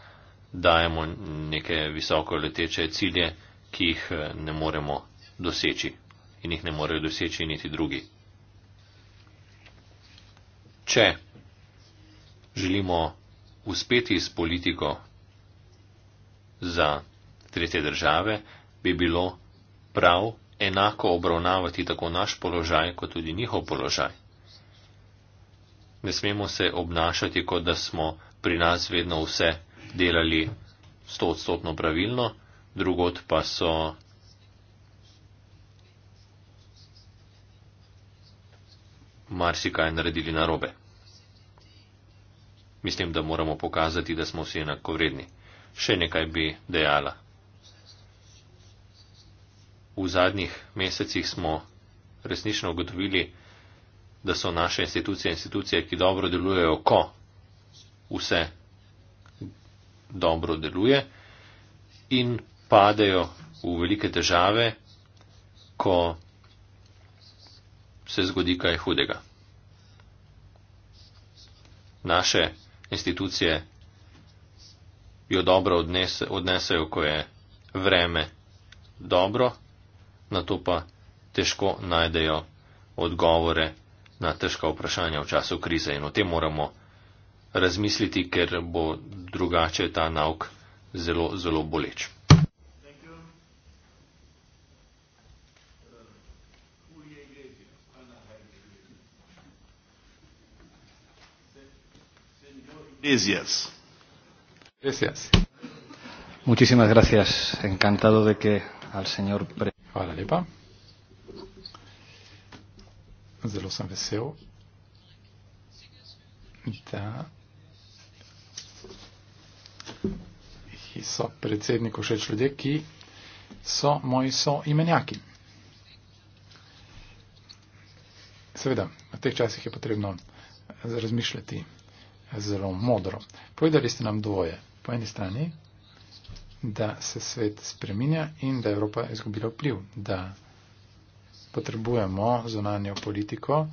dajemo neke visoko leteče cilje, ki jih eh, ne moremo doseči in jih ne morejo doseči niti drugi. Če želimo uspeti s politiko za tretje države, bi bilo prav, enako obravnavati tako naš položaj, kot tudi njihov položaj. Ne smemo se obnašati, kot da smo pri nas vedno vse delali sto odstotno pravilno, drugot pa so marsikaj naredili narobe. Mislim, da moramo pokazati, da smo vsi enakovredni. Še nekaj bi dejala v zadnjih mesecih smo resnično ugotovili, da so naše institucije institucije, ki dobro delujejo, ko vse dobro deluje in padejo v velike težave, ko se zgodi kaj hudega. Naše institucije jo dobro odnesejo, ko je vreme dobro na to pa težko najdejo odgovore na težka vprašanja v času krize in o tem moramo razmisliti, ker bo drugače ta nauk zelo, zelo boleč. Gracias. Muchísimas gracias. Encantado de que al señor. Pre Hvala lepa. Zelo sem vesel, da so predsedniku všeč ljudje, ki so moji soimenjaki. Seveda, v teh časih je potrebno razmišljati zelo modro. Povedali ste nam dvoje. Po eni strani da se svet spreminja in da Evropa je Evropa izgubila vpliv, da potrebujemo zonanjo politiko,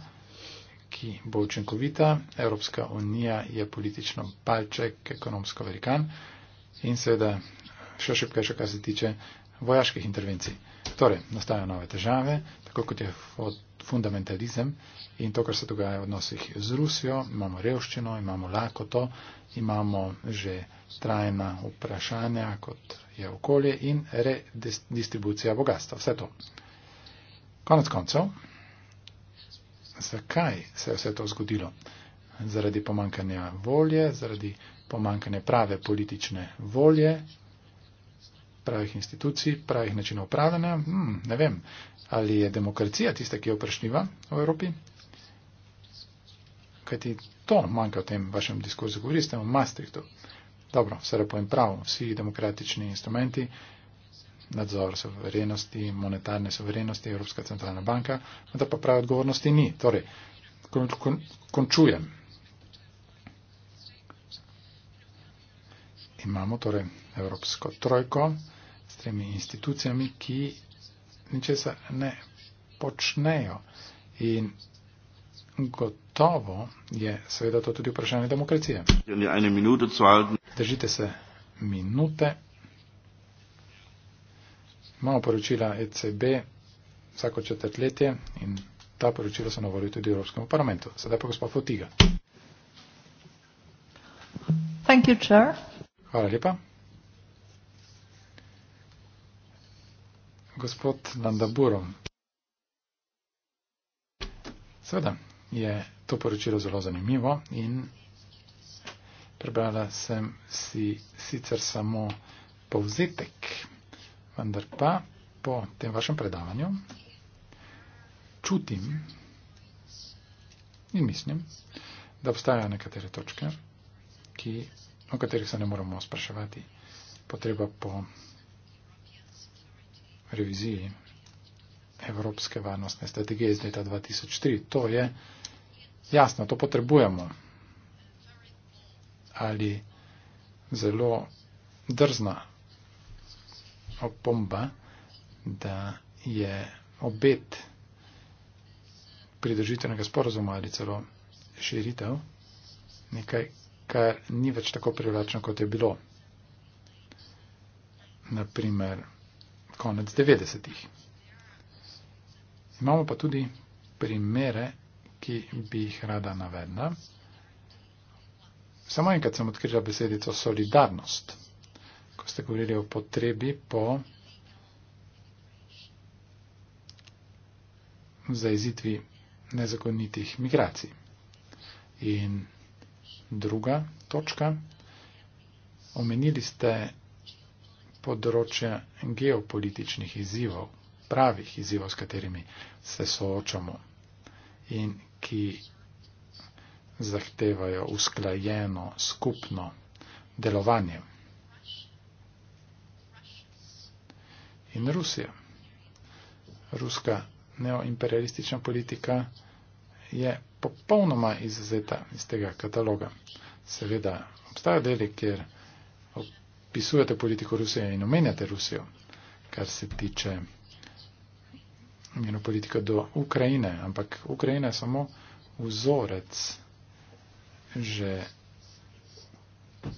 ki bo učinkovita. Evropska unija je politično palček, ekonomsko velikan in seveda še šepkejša, kar se tiče vojaških intervencij. Torej, nastajajo nove težave, tako kot je od fundamentalizem in to, kar se dogaja v odnosih z Rusijo, imamo revščino, imamo lakoto, imamo že trajna vprašanja, kot je okolje in redistribucija bogatstva. Vse to. Konec koncev, zakaj se je vse to zgodilo? Zaradi pomankanja volje, zaradi pomankanja prave politične volje, pravih institucij, pravih načinov upravljanja. Hmm, ne vem, ali je demokracija tista, ki je vprašljiva v Evropi. Kajti to manjka v tem vašem diskurzu, govorili ste o Maastrichtu. Dobro, vse lepo in prav, vsi demokratični instrumenti, nadzor soverenosti, monetarne soverenosti, Evropska centralna banka, vendar pa prave odgovornosti ni. Torej, kon, kon, končujem. Imamo torej Evropsko trojko tremi institucijami, ki ničesar ne počnejo. In gotovo je seveda to tudi vprašanje demokracije. Držite se minute. Imamo poročila ECB vsako četrtletje in ta poročila so na voljo tudi Evropskemu parlamentu. Sedaj pa gospod Fotiga. Thank you, Chair. Hvala lepa. gospod Nandaburom. Sveda je to poročilo zelo zanimivo in prebrala sem si sicer samo povzetek, vendar pa po tem vašem predavanju čutim in mislim, da obstajajo nekatere točke, ki, o katerih se ne moramo spraševati potreba po reviziji Evropske varnostne strategije iz leta 2003. To je jasno, to potrebujemo. Ali zelo drzna opomba, da je obet pridržitvenega sporozuma ali celo širitev nekaj, kar ni več tako privlačno, kot je bilo. Naprimer, konec 90-ih. Imamo pa tudi primere, ki bi jih rada navedla. Samo enkrat sem odkrila besedico solidarnost, ko ste govorili o potrebi po zaezitvi nezakonitih migracij. In druga točka, omenili ste področje geopolitičnih izzivov, pravih izzivov, s katerimi se soočamo in ki zahtevajo usklajeno skupno delovanje. In Rusija. Ruska neoimperialistična politika je popolnoma izuzeta iz tega kataloga. Seveda obstaja deli, kjer pisujete politiko Rusije in omenjate Rusijo, kar se tiče njeno politiko do Ukrajine, ampak Ukrajina je samo vzorec že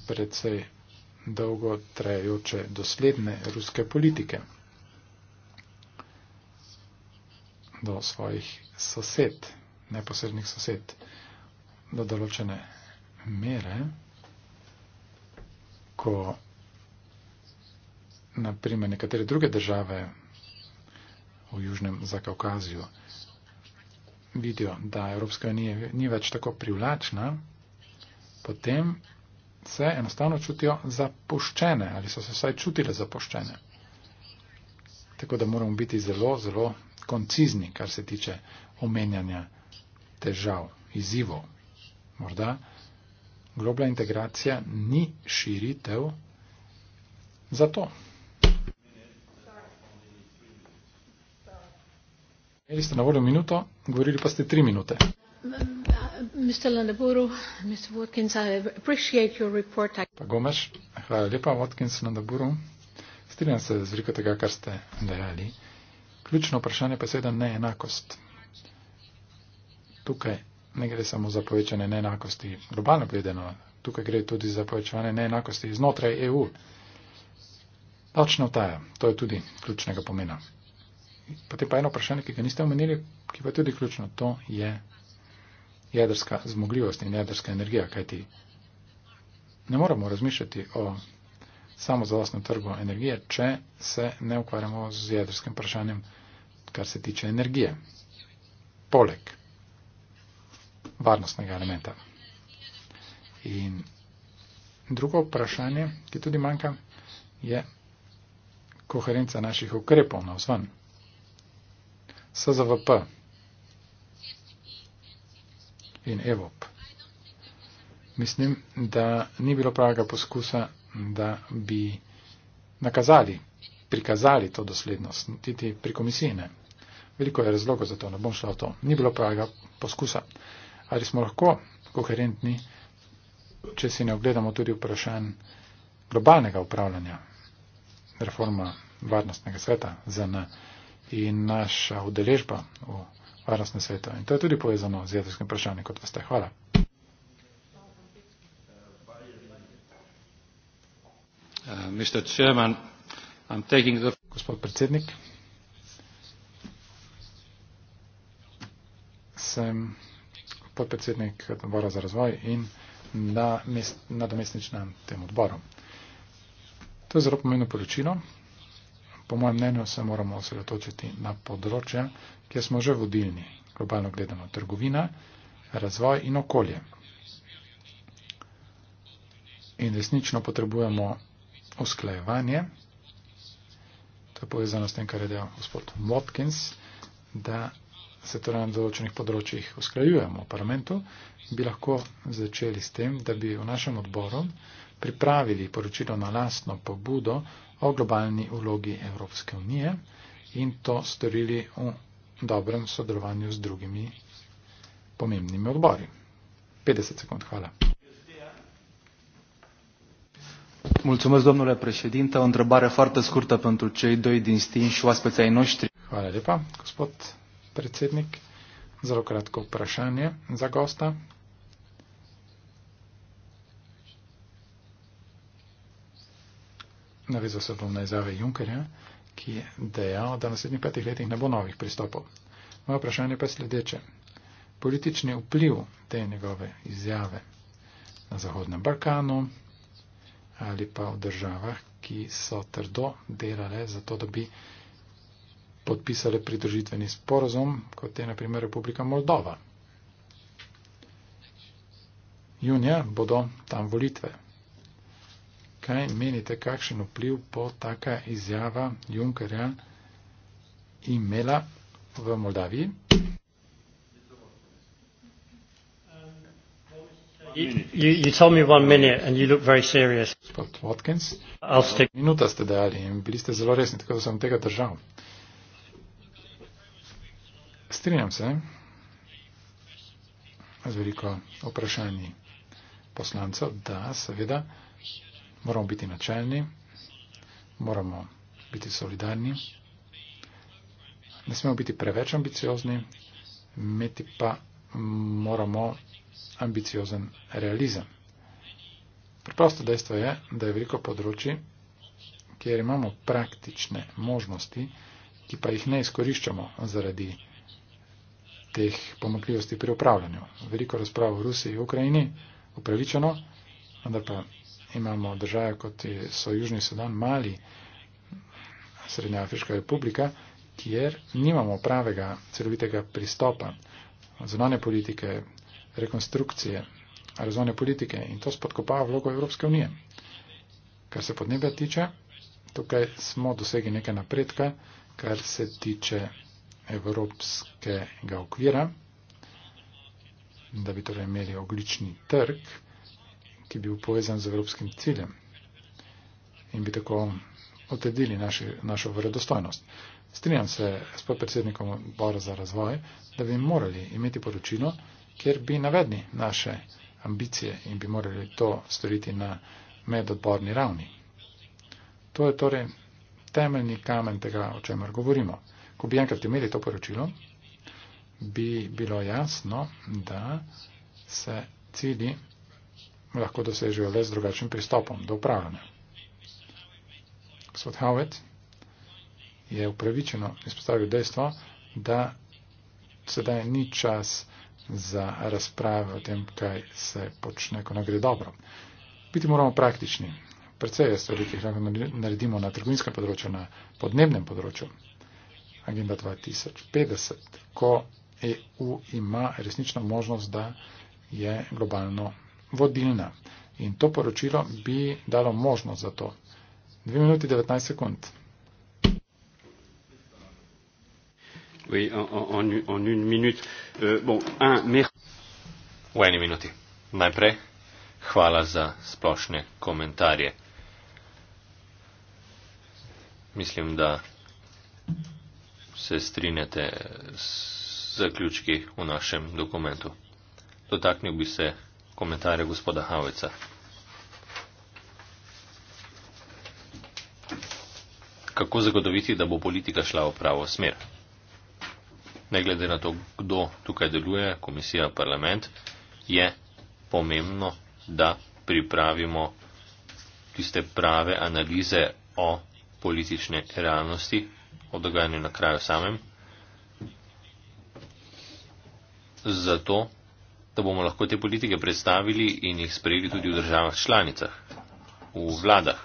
predvsej dolgo trajajoče dosledne ruske politike do svojih sosed, neposrednih sosed, do določene mere, ko naprimer nekatere druge države v Južnem Zakaukazju vidijo, da Evropska unija ni več tako privlačna, potem se enostavno čutijo zapuščene ali so se vsaj čutile zapuščene. Tako da moramo biti zelo, zelo koncizni, kar se tiče omenjanja težav, izzivov. Morda globla integracija ni širitev za to. Imeli ste na voljo minuto, govorili pa ste tri minute. Mr. Landaburu, Mr. Watkins, I appreciate your report. Pa Gomeš, hvala lepa, Watkins, Landaburu. Strinjam se z veliko tega, kar ste dejali. Ključno vprašanje pa je seveda neenakost. Tukaj ne gre samo za povečanje neenakosti globalno gledeno, tukaj gre tudi za povečanje neenakosti znotraj EU. Točno ta je, to je tudi ključnega pomena potem pa eno vprašanje, ki ga niste omenili, ki pa je tudi ključno, to je jedrska zmogljivost in jedrska energija, kajti ne moramo razmišljati o samo za vlastno trgo energije, če se ne ukvarjamo z jedrskim vprašanjem, kar se tiče energije. Poleg varnostnega elementa. In drugo vprašanje, ki tudi manjka, je koherenca naših ukrepov na vzven. SZVP in EVOP. Mislim, da ni bilo pravega poskusa, da bi nakazali, prikazali to doslednost, niti pri komisiji ne. Veliko je razlogov za to, ne bom šla v to. Ni bilo pravega poskusa. Ali smo lahko koherentni, če si ne ogledamo tudi vprašanj globalnega upravljanja, reforma varnostnega sveta za nas? in naša udeležba v varnostnem svetu. In to je tudi povezano z jedrskim vprašanjem, kot veste. Hvala. Uh, Chairman, I'm taking the... Gospod predsednik, sem podpredsednik odbora za razvoj in nadomestničnem tem odboru. To je zelo pomembno poročilo, po mojem mnenju se moramo osredotočiti na področja, kjer smo že vodilni, globalno gledano trgovina, razvoj in okolje. In resnično potrebujemo usklajevanje, to je povezano s tem, kar je dejal gospod Watkins, da se torej na določenih področjih usklajujemo v parlamentu, bi lahko začeli s tem, da bi v našem odboru pripravili poročilo na lastno pobudo o globalni vlogi Evropske unije in to storili v dobrem sodelovanju z drugimi pomembnimi odbori. 50 sekund, hvala. Mulțumesc, domnule președinte. O întrebare foarte scurtă pentru cei doi din Stin și oaspeții ai noștri. Hvala lepa, gospod predsednik, zelo kratko vprašanje za gosta. navezal se bom na izjave Junkerja, ki je dejal, da v naslednjih petih letih ne bo novih pristopov. Moje vprašanje pa je sledeče. Politični vpliv te njegove izjave na Zahodnem Balkanu ali pa v državah, ki so trdo delale za to, da bi podpisale pridružitveni sporozum, kot je naprimer Republika Moldova. Junija bodo tam volitve kaj menite, kakšen vpliv bo taka izjava Junkerja imela v Moldaviji? Gospod Watkins, minuta ste dali in bili ste zelo resni, tako da sem tega držal. Strinjam se z veliko vprašanji poslancev, da seveda moramo biti načelni, moramo biti solidarni, ne smemo biti preveč ambiciozni, imeti pa moramo ambiciozen realizem. Preprosto dejstvo je, da je veliko področji, kjer imamo praktične možnosti, ki pa jih ne izkoriščamo zaradi teh pomakljivosti pri upravljanju. Veliko razprav v Rusiji in Ukrajini, upravičeno, vendar pa imamo države, kot so Južni Sudan, Mali, Srednja Afriška republika, kjer nimamo pravega celovitega pristopa zunanje politike, rekonstrukcije, razvojne politike in to spodkopava vlogo Evropske unije. Kar se podnebja tiče, tukaj smo dosegli nekaj napredka, kar se tiče evropskega okvira, da bi torej imeli oglični trg ki bi bil povezan z evropskim ciljem in bi tako odredili naši, našo verodostojnost. Strinjam se s podpredsednikom Bora za razvoj, da bi morali imeti poročilo, kjer bi navedli naše ambicije in bi morali to storiti na medodborni ravni. To je torej temeljni kamen tega, o čemer govorimo. Ko bi enkrat imeli to poročilo, bi bilo jasno, da se cilji lahko dosežejo le z drugačnim pristopom do upravljanja. Gospod Howard je upravičeno izpostavil dejstvo, da sedaj ni čas za razprave o tem, kaj se počne, ko ne gre dobro. Biti moramo praktični. Predvsej je stvari, ki jih lahko naredimo na trgovinskem področju, na podnebnem področju. Agenda 2050, ko EU ima resnično možnost, da je globalno vodilna. In to poročilo bi dalo možnost za to. 2 minuti 19 sekund. Oui, en, en, en une minute. Euh, bon, un, merci. Oui, une minute. D'abord, hvala za splošne komentarje. Mislim, da se strinjate z zaključki v našem dokumentu. Dotaknil bi se komentare gospoda Havica. Kako zagotoviti, da bo politika šla v pravo smer? Ne glede na to, kdo tukaj deluje, komisija, parlament, je pomembno, da pripravimo tiste prave analize o politične realnosti, o dogajanju na kraju samem. Zato da bomo lahko te politike predstavili in jih sprejeli tudi v državah članicah, v vladah.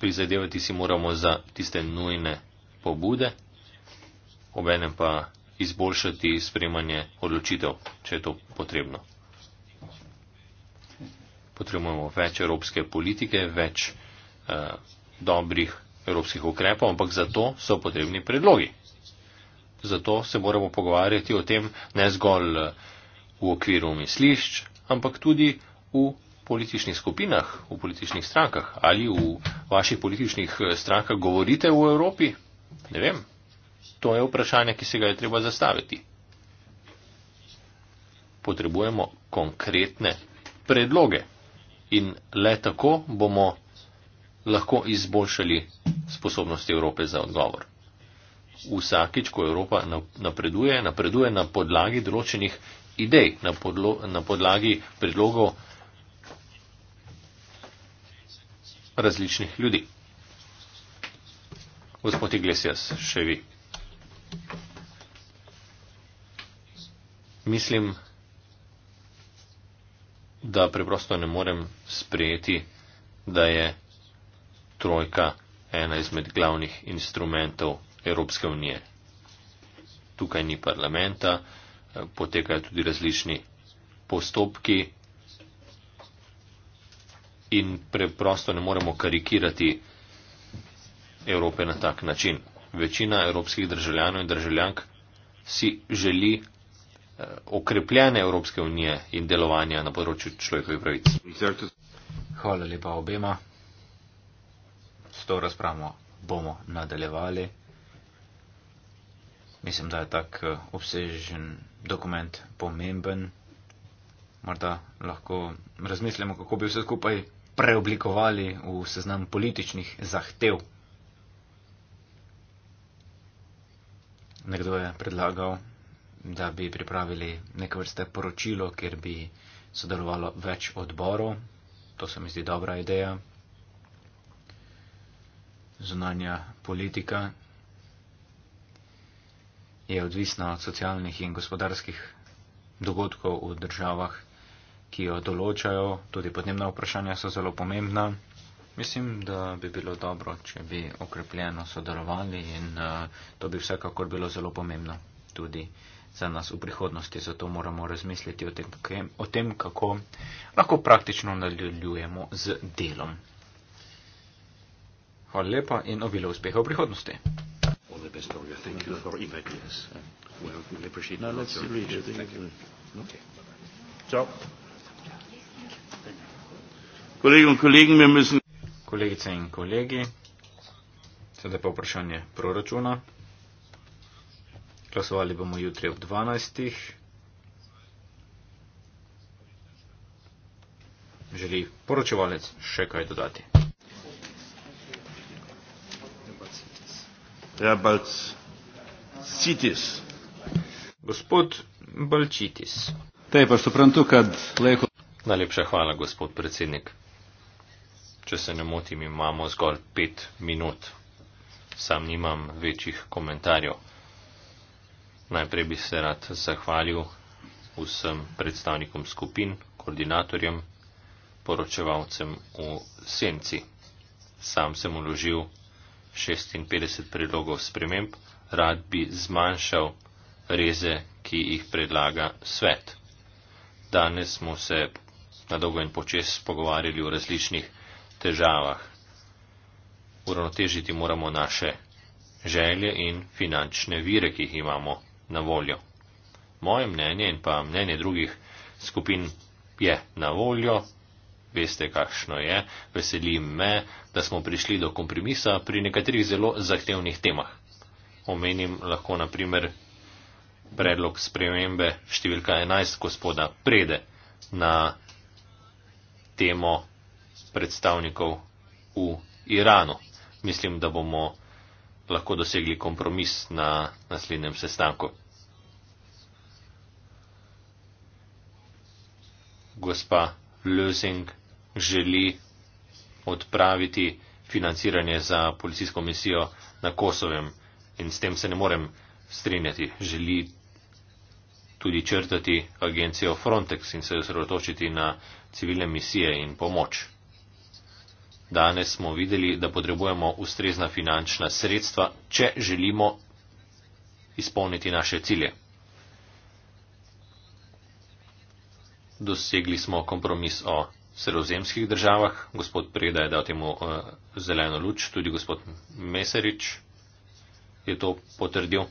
Prizadevati si moramo za tiste nujne pobude, obenem pa izboljšati sprejemanje odločitev, če je to potrebno. Potrebujemo več evropske politike, več eh, dobrih evropskih ukrepov, ampak za to so potrebni predlogi zato se moramo pogovarjati o tem ne zgolj eh, v okviru mislišč, ampak tudi v političnih skupinah, v političnih strankah ali v vaših političnih eh, strankah govorite v Evropi? Ne vem. To je vprašanje, ki se ga je treba zastaviti. Potrebujemo konkretne predloge in le tako bomo lahko izboljšali sposobnosti Evrope za odgovor vsakič, ko Evropa napreduje, napreduje na podlagi določenih idej, na, podlo, na podlagi predlogov različnih ljudi. Gospod Iglesias, še vi. Mislim, da preprosto ne morem sprejeti, da je trojka ena izmed glavnih instrumentov Evropske unije. Tukaj ni parlamenta, eh, potekajo tudi različni postopki in preprosto ne moremo karikirati Evrope na tak način. Večina evropskih državljanov in državljank si želi eh, okrepljene Evropske unije in delovanja na področju človekovih pravic. Hvala lepa obema. S to razpravo bomo nadaljevali mislim, da je tak eh, obsežen dokument pomemben. Morda lahko razmislimo, kako bi vse skupaj preoblikovali v seznam političnih zahtev. Nekdo je predlagal, da bi pripravili neko vrste poročilo, kjer bi sodelovalo več odborov. To se mi zdi dobra ideja. Zunanja politika je odvisna od socialnih in gospodarskih dogodkov v državah, ki jo določajo, tudi podnebna vprašanja so zelo pomembna. Mislim, da bi bilo dobro, če bi okrepljeno sodelovali in eh, to bi vsekakor bilo zelo pomembno tudi za nas v prihodnosti. Zato moramo razmisliti o tem, o tem kako lahko praktično nadaljujemo z delom. Hvala lepa in obilo uspeha v prihodnosti. Pastoria. Thank you for inviting us. Well, we appreciate no, let's your read it. Thank you. Okay. Ciao. Kolegi in kolegi, mislim... Kolegice in kolegi, sedaj pa vprašanje proračuna. Glasovali bomo jutri ob 12. Želi poročevalec še kaj dodati? trebalcitis. Gospod Balčitis. Te pa suprantu, kad leko. Najlepša hvala, gospod predsednik. Če se ne motim, imamo zgolj pet minut. Sam nimam večjih komentarjev. Najprej bi se rad zahvalil vsem predstavnikom skupin, koordinatorjem, poročevalcem v senci. Sam sem uložil 56 predlogov sprememb, rad bi zmanjšal reze, ki jih predlaga svet. Danes smo se na dolgo in počes pogovarjali o različnih težavah. Uravnotežiti moramo naše želje in finančne vire, ki jih imamo na voljo. Moje mnenje in pa mnenje drugih skupin je na voljo, Veste, kakšno je, veseli me, da smo prišli do kompromisa pri nekaterih zelo zahtevnih temah. Omenim lahko naprimer predlog spremembe številka 11 gospoda Prede na temo predstavnikov v Iranu. Mislim, da bomo lahko dosegli kompromis na naslednjem sestanku. Gospa Lösing želi odpraviti financiranje za policijsko misijo na Kosovem in s tem se ne morem strinjati. Želi tudi črtati agencijo Frontex in se osredotočiti na civilne misije in pomoč. Danes smo videli, da potrebujemo ustrezna finančna sredstva, če želimo izpolniti naše cilje. dosegli smo kompromis o sredozemskih državah. Gospod Preda je dal temu uh, zeleno luč, tudi gospod Meserič je to potrdil.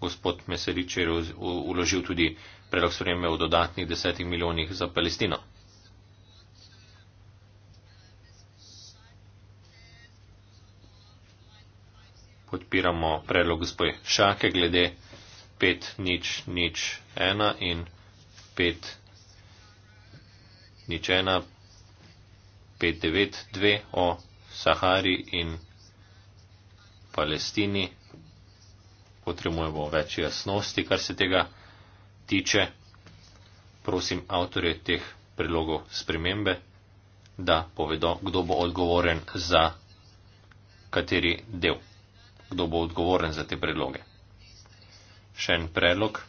Gospod Meserič je uložil tudi predlog spremembe o dodatnih desetih milijonih za Palestino. Podpiramo predlog gospod Šake glede 5 nič nič ena in 5 nič nič ena, pet devet dve o Sahari in Palestini. Potrebujemo več jasnosti, kar se tega tiče. Prosim avtorje teh predlogov spremembe, da povedo, kdo bo odgovoren za kateri del, kdo bo odgovoren za te predloge. Še en predlog.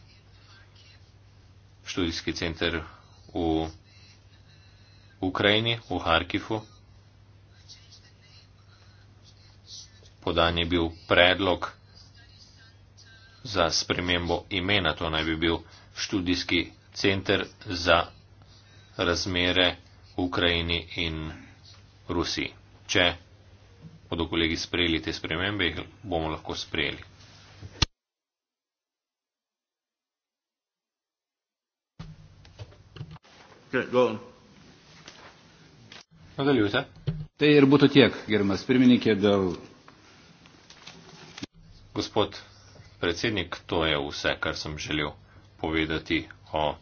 Študijski center v Ukrajini, v Harkifu. Podan je bil predlog za spremembo imena, to naj bi bil študijski center za razmere v Ukrajini in Rusiji. Če bodo kolegi sprejeli te spremembe, jih bomo lahko sprejeli. Okay, go on. Pagaliuose. Tai ir būtų tiek, gerimas pirmininkė, dėl. Gospod predsednik, to je vse, kar sem želel povedati o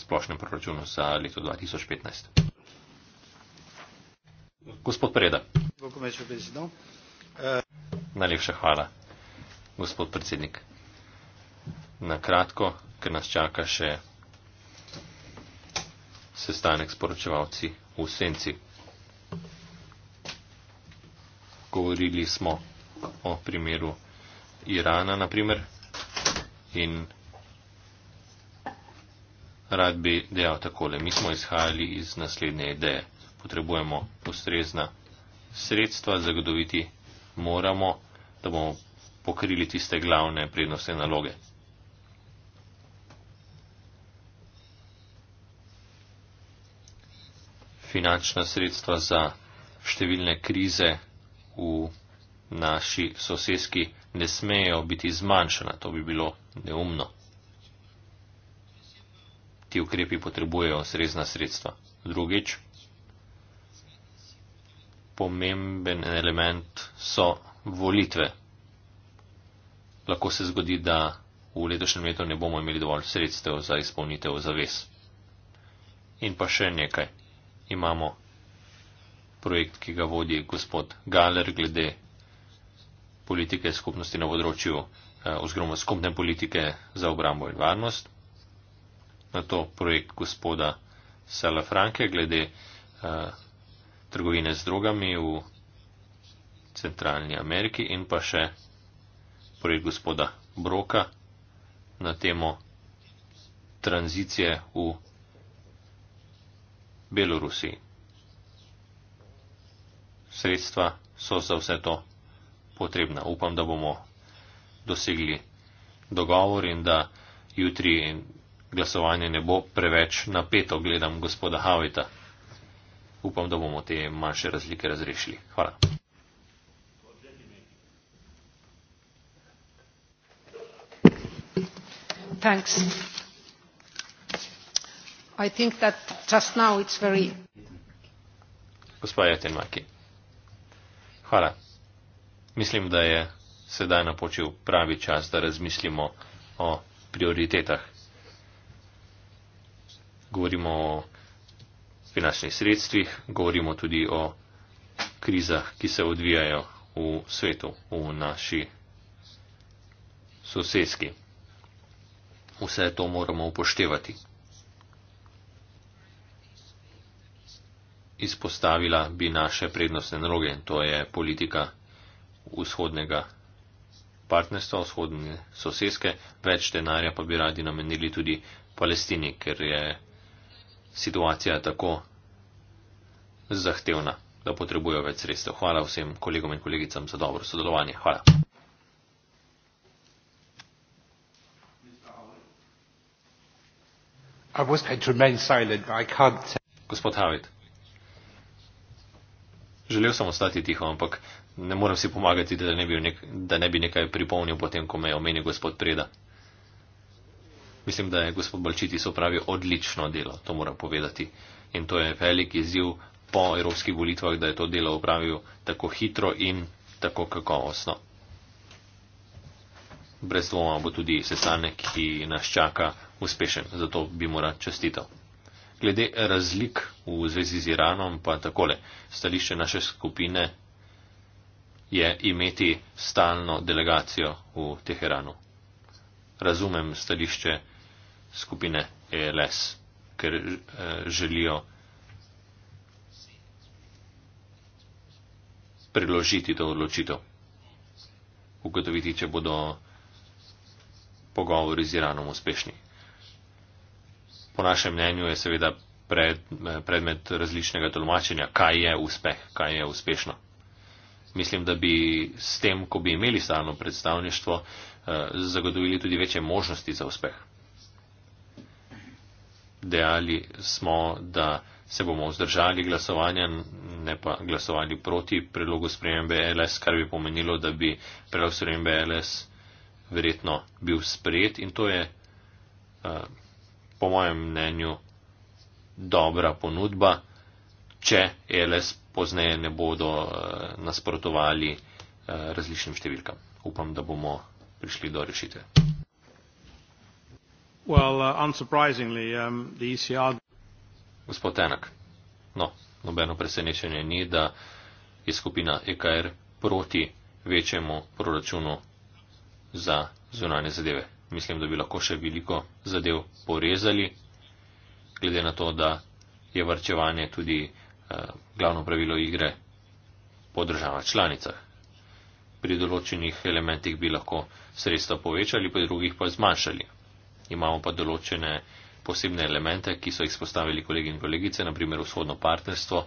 splošnem proračunu za leto 2015. Gospod Preda. Najlepša hvala, gospod predsednik. Na kratko, ker nas čaka še sestanek s poročevalci v senci. Govorili smo o primeru Irana, naprimer, in rad bi dejal takole. Mi smo izhajali iz naslednje ideje. Potrebujemo ustrezna sredstva, zagotoviti moramo, da bomo pokrili tiste glavne prednostne naloge. finančna sredstva za številne krize v naši soseski ne smejo biti zmanjšana, to bi bilo neumno. Ti ukrepi potrebujejo srezna sredstva. Drugič, pomemben element so volitve. Lahko se zgodi, da v letošnjem letu ne bomo imeli dovolj sredstev za izpolnitev zavez. In pa še nekaj, imamo projekt, ki ga vodi gospod Galer glede politike skupnosti na področju eh, oziroma skupne politike za obrambo in varnost. Na to projekt gospoda Sela Franke glede uh, trgovine z drogami v Centralni Ameriki in pa še projekt gospoda Broka na temo tranzicije v Belorusi. Sredstva so za vse to potrebna. Upam, da bomo dosegli dogovor in da jutri glasovanje ne bo preveč napeto, gledam gospoda Havita. Upam, da bomo te manjše razlike razrešili. Hvala. Thanks. Gospa Jatenmaki, hvala. Mislim, da je sedaj napočil pravi čas, da razmislimo o prioritetah. Govorimo o finančnih sredstvih, govorimo tudi o krizah, ki se odvijajo v svetu, v naši sosedski. Vse to moramo upoštevati. izpostavila bi naše prednostne naloge, to je politika vzhodnega partnerstva, vzhodne sosedske, več denarja pa bi radi namenili tudi Palestini, ker je situacija tako zahtevna, da potrebujo več sredstev. Hvala vsem kolegom in kolegicam za dobro sodelovanje. Hvala. Gospod Havit. Želel sem ostati tiho, ampak ne morem si pomagati, da ne bi, nek, da ne bi nekaj pripomnil potem, ko me je omenil gospod Preda. Mislim, da je gospod Balčiti sopravil odlično delo, to moram povedati. In to je velik izziv po evropskih volitvah, da je to delo opravil tako hitro in tako kakovostno. Brez dvoma bo tudi sestanek, ki nas čaka, uspešen, zato bi mu rad čestital glede razlik v zvezi z Iranom pa takole. Stališče naše skupine je imeti stalno delegacijo v Teheranu. Razumem stališče skupine ELS, ker eh, želijo priložiti to odločitev, ugotoviti, če bodo pogovori z Iranom uspešni po našem mnenju je seveda pred, predmet različnega tolmačenja, kaj je uspeh, kaj je uspešno. Mislim, da bi s tem, ko bi imeli stalno predstavništvo, eh, zagotovili tudi večje možnosti za uspeh. Dejali smo, da se bomo vzdržali glasovanja, ne pa glasovali proti predlogu spremembe LS, kar bi pomenilo, da bi predlog spremembe LS verjetno bil sprejet in to je eh, po mojem mnenju, dobra ponudba, če LS pozneje ne bodo eh, nasprotovali eh, različnim številkam. Upam, da bomo prišli do rešitve. Well, uh, um, ECR... E Gospod Enak, no, nobeno presenečenje ni, da je skupina EKR proti večjemu proračunu za zunanje zadeve mislim, da bi lahko še veliko zadev porezali, glede na to, da je varčevanje tudi eh, glavno pravilo igre po državah članicah. Pri določenih elementih bi lahko sredstva povečali, pri drugih pa zmanjšali. Imamo pa določene posebne elemente, ki so izpostavili kolegi in kolegice, naprimer vzhodno partnerstvo,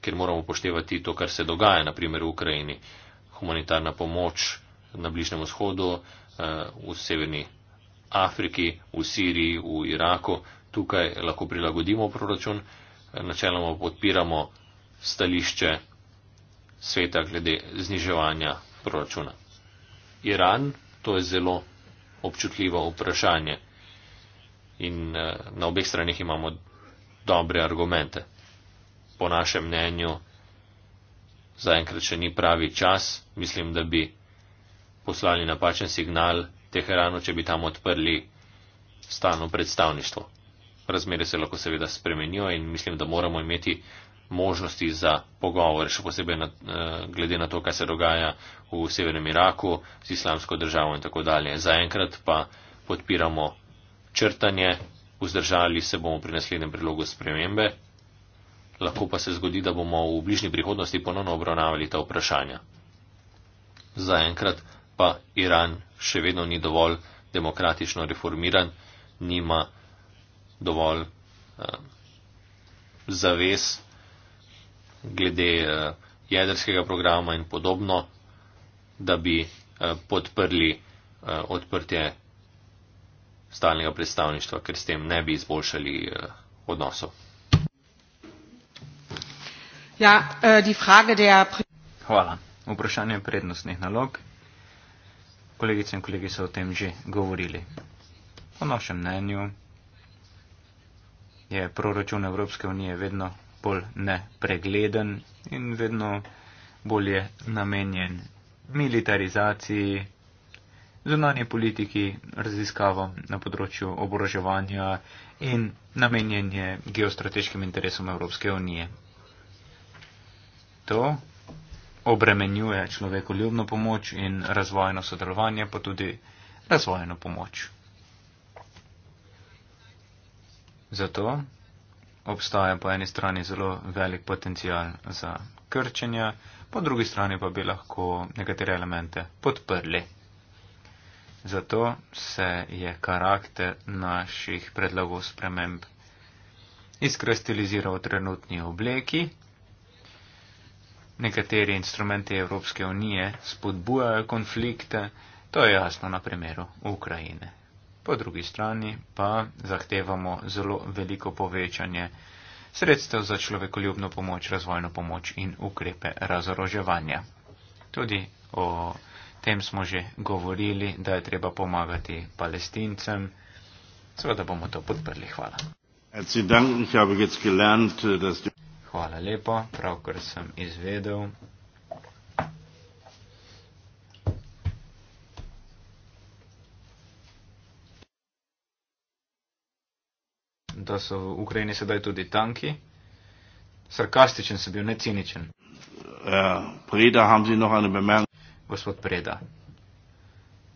ker moramo upoštevati to, kar se dogaja, naprimer v Ukrajini, humanitarna pomoč, na Bližnjem vzhodu, eh, v Severni Afriki, v Siriji, v Iraku. Tukaj lahko prilagodimo proračun, eh, načeloma podpiramo stališče sveta glede zniževanja proračuna. Iran, to je zelo občutljivo vprašanje in eh, na obeh stranih imamo dobre argumente. Po našem mnenju, zaenkrat še ni pravi čas, mislim, da bi poslali napačen signal Teheranu, če bi tam odprli stano predstavništvo. Razmere se lahko seveda spremenijo in mislim, da moramo imeti možnosti za pogovor, še posebej na, eh, glede na to, kaj se dogaja v severnem Iraku z islamsko državo in tako dalje. Zaenkrat pa podpiramo črtanje, vzdržali se bomo pri naslednjem predlogu spremembe, lahko pa se zgodi, da bomo v bližnji prihodnosti ponovno obravnavali ta vprašanja. Zaenkrat pa Iran še vedno ni dovolj demokratično reformiran, nima dovolj uh, eh, zaves glede uh, jedrskega programa in podobno, da bi uh, podprli uh, odprtje stalnega predstavništva, ker s tem ne bi izboljšali uh, odnosov. Ja, uh, Hvala. Vprašanje prednostnih nalog kolegice in kolegi so o tem že govorili. Po našem mnenju je proračun Evropske unije vedno bolj nepregleden in vedno bolje namenjen militarizaciji, zunanje politiki, raziskavam na področju oboroževanja in namenjen je geostrateškim interesom Evropske unije. To obremenjuje človekoljubno pomoč in razvojno sodelovanje, pa tudi razvojno pomoč. Zato obstaja po eni strani zelo velik potencial za krčenja, po drugi strani pa bi lahko nekatere elemente podprli. Zato se je karakter naših predlogov sprememb izkristaliziral v trenutni obleki nekateri instrumenti Evropske unije spodbujajo konflikte, to je jasno na primeru Ukrajine. Po drugi strani pa zahtevamo zelo veliko povečanje sredstev za človekoljubno pomoč, razvojno pomoč in ukrepe razoroževanja. Tudi o tem smo že govorili, da je treba pomagati palestincem. Seveda bomo to podprli. Hvala. Hvala lepa, pravkar sem izvedel. Da so v Ukrajini sedaj tudi tanki. Sarkastičen sem bil, ne ciničen. Ja, Preda, imam si noha ne bemen. Gospod Preda,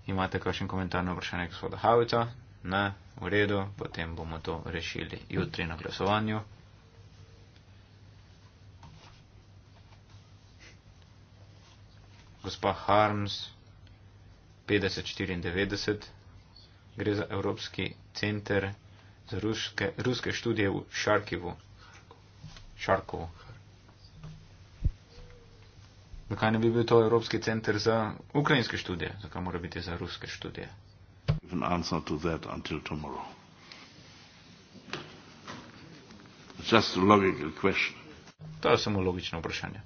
imate kakšen komentar na vprašanje gospoda Havica? Ne, v redu, potem bomo to rešili jutri na glasovanju. gospa Harms 5094, gre za Evropski center za ruske, ruske študije v Šarkivu. Šarkovo. Zakaj ne bi bil to Evropski center za ukrajinske študije? Zakaj mora biti za ruske študije? To je samo logično vprašanje.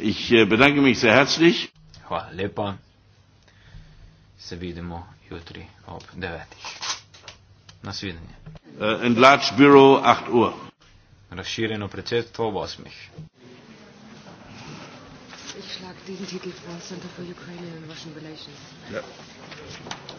Ich äh, bedanke mich sehr herzlich. Hvala lepa. Se vidimo jutri ob 9. Na svidenje. Uh, äh, in large bureau 8 ur. Razširjeno predsedstvo ob 8. Ich schlag diesen Titel vor Center for Ukrainian and Russian Relations. Ja.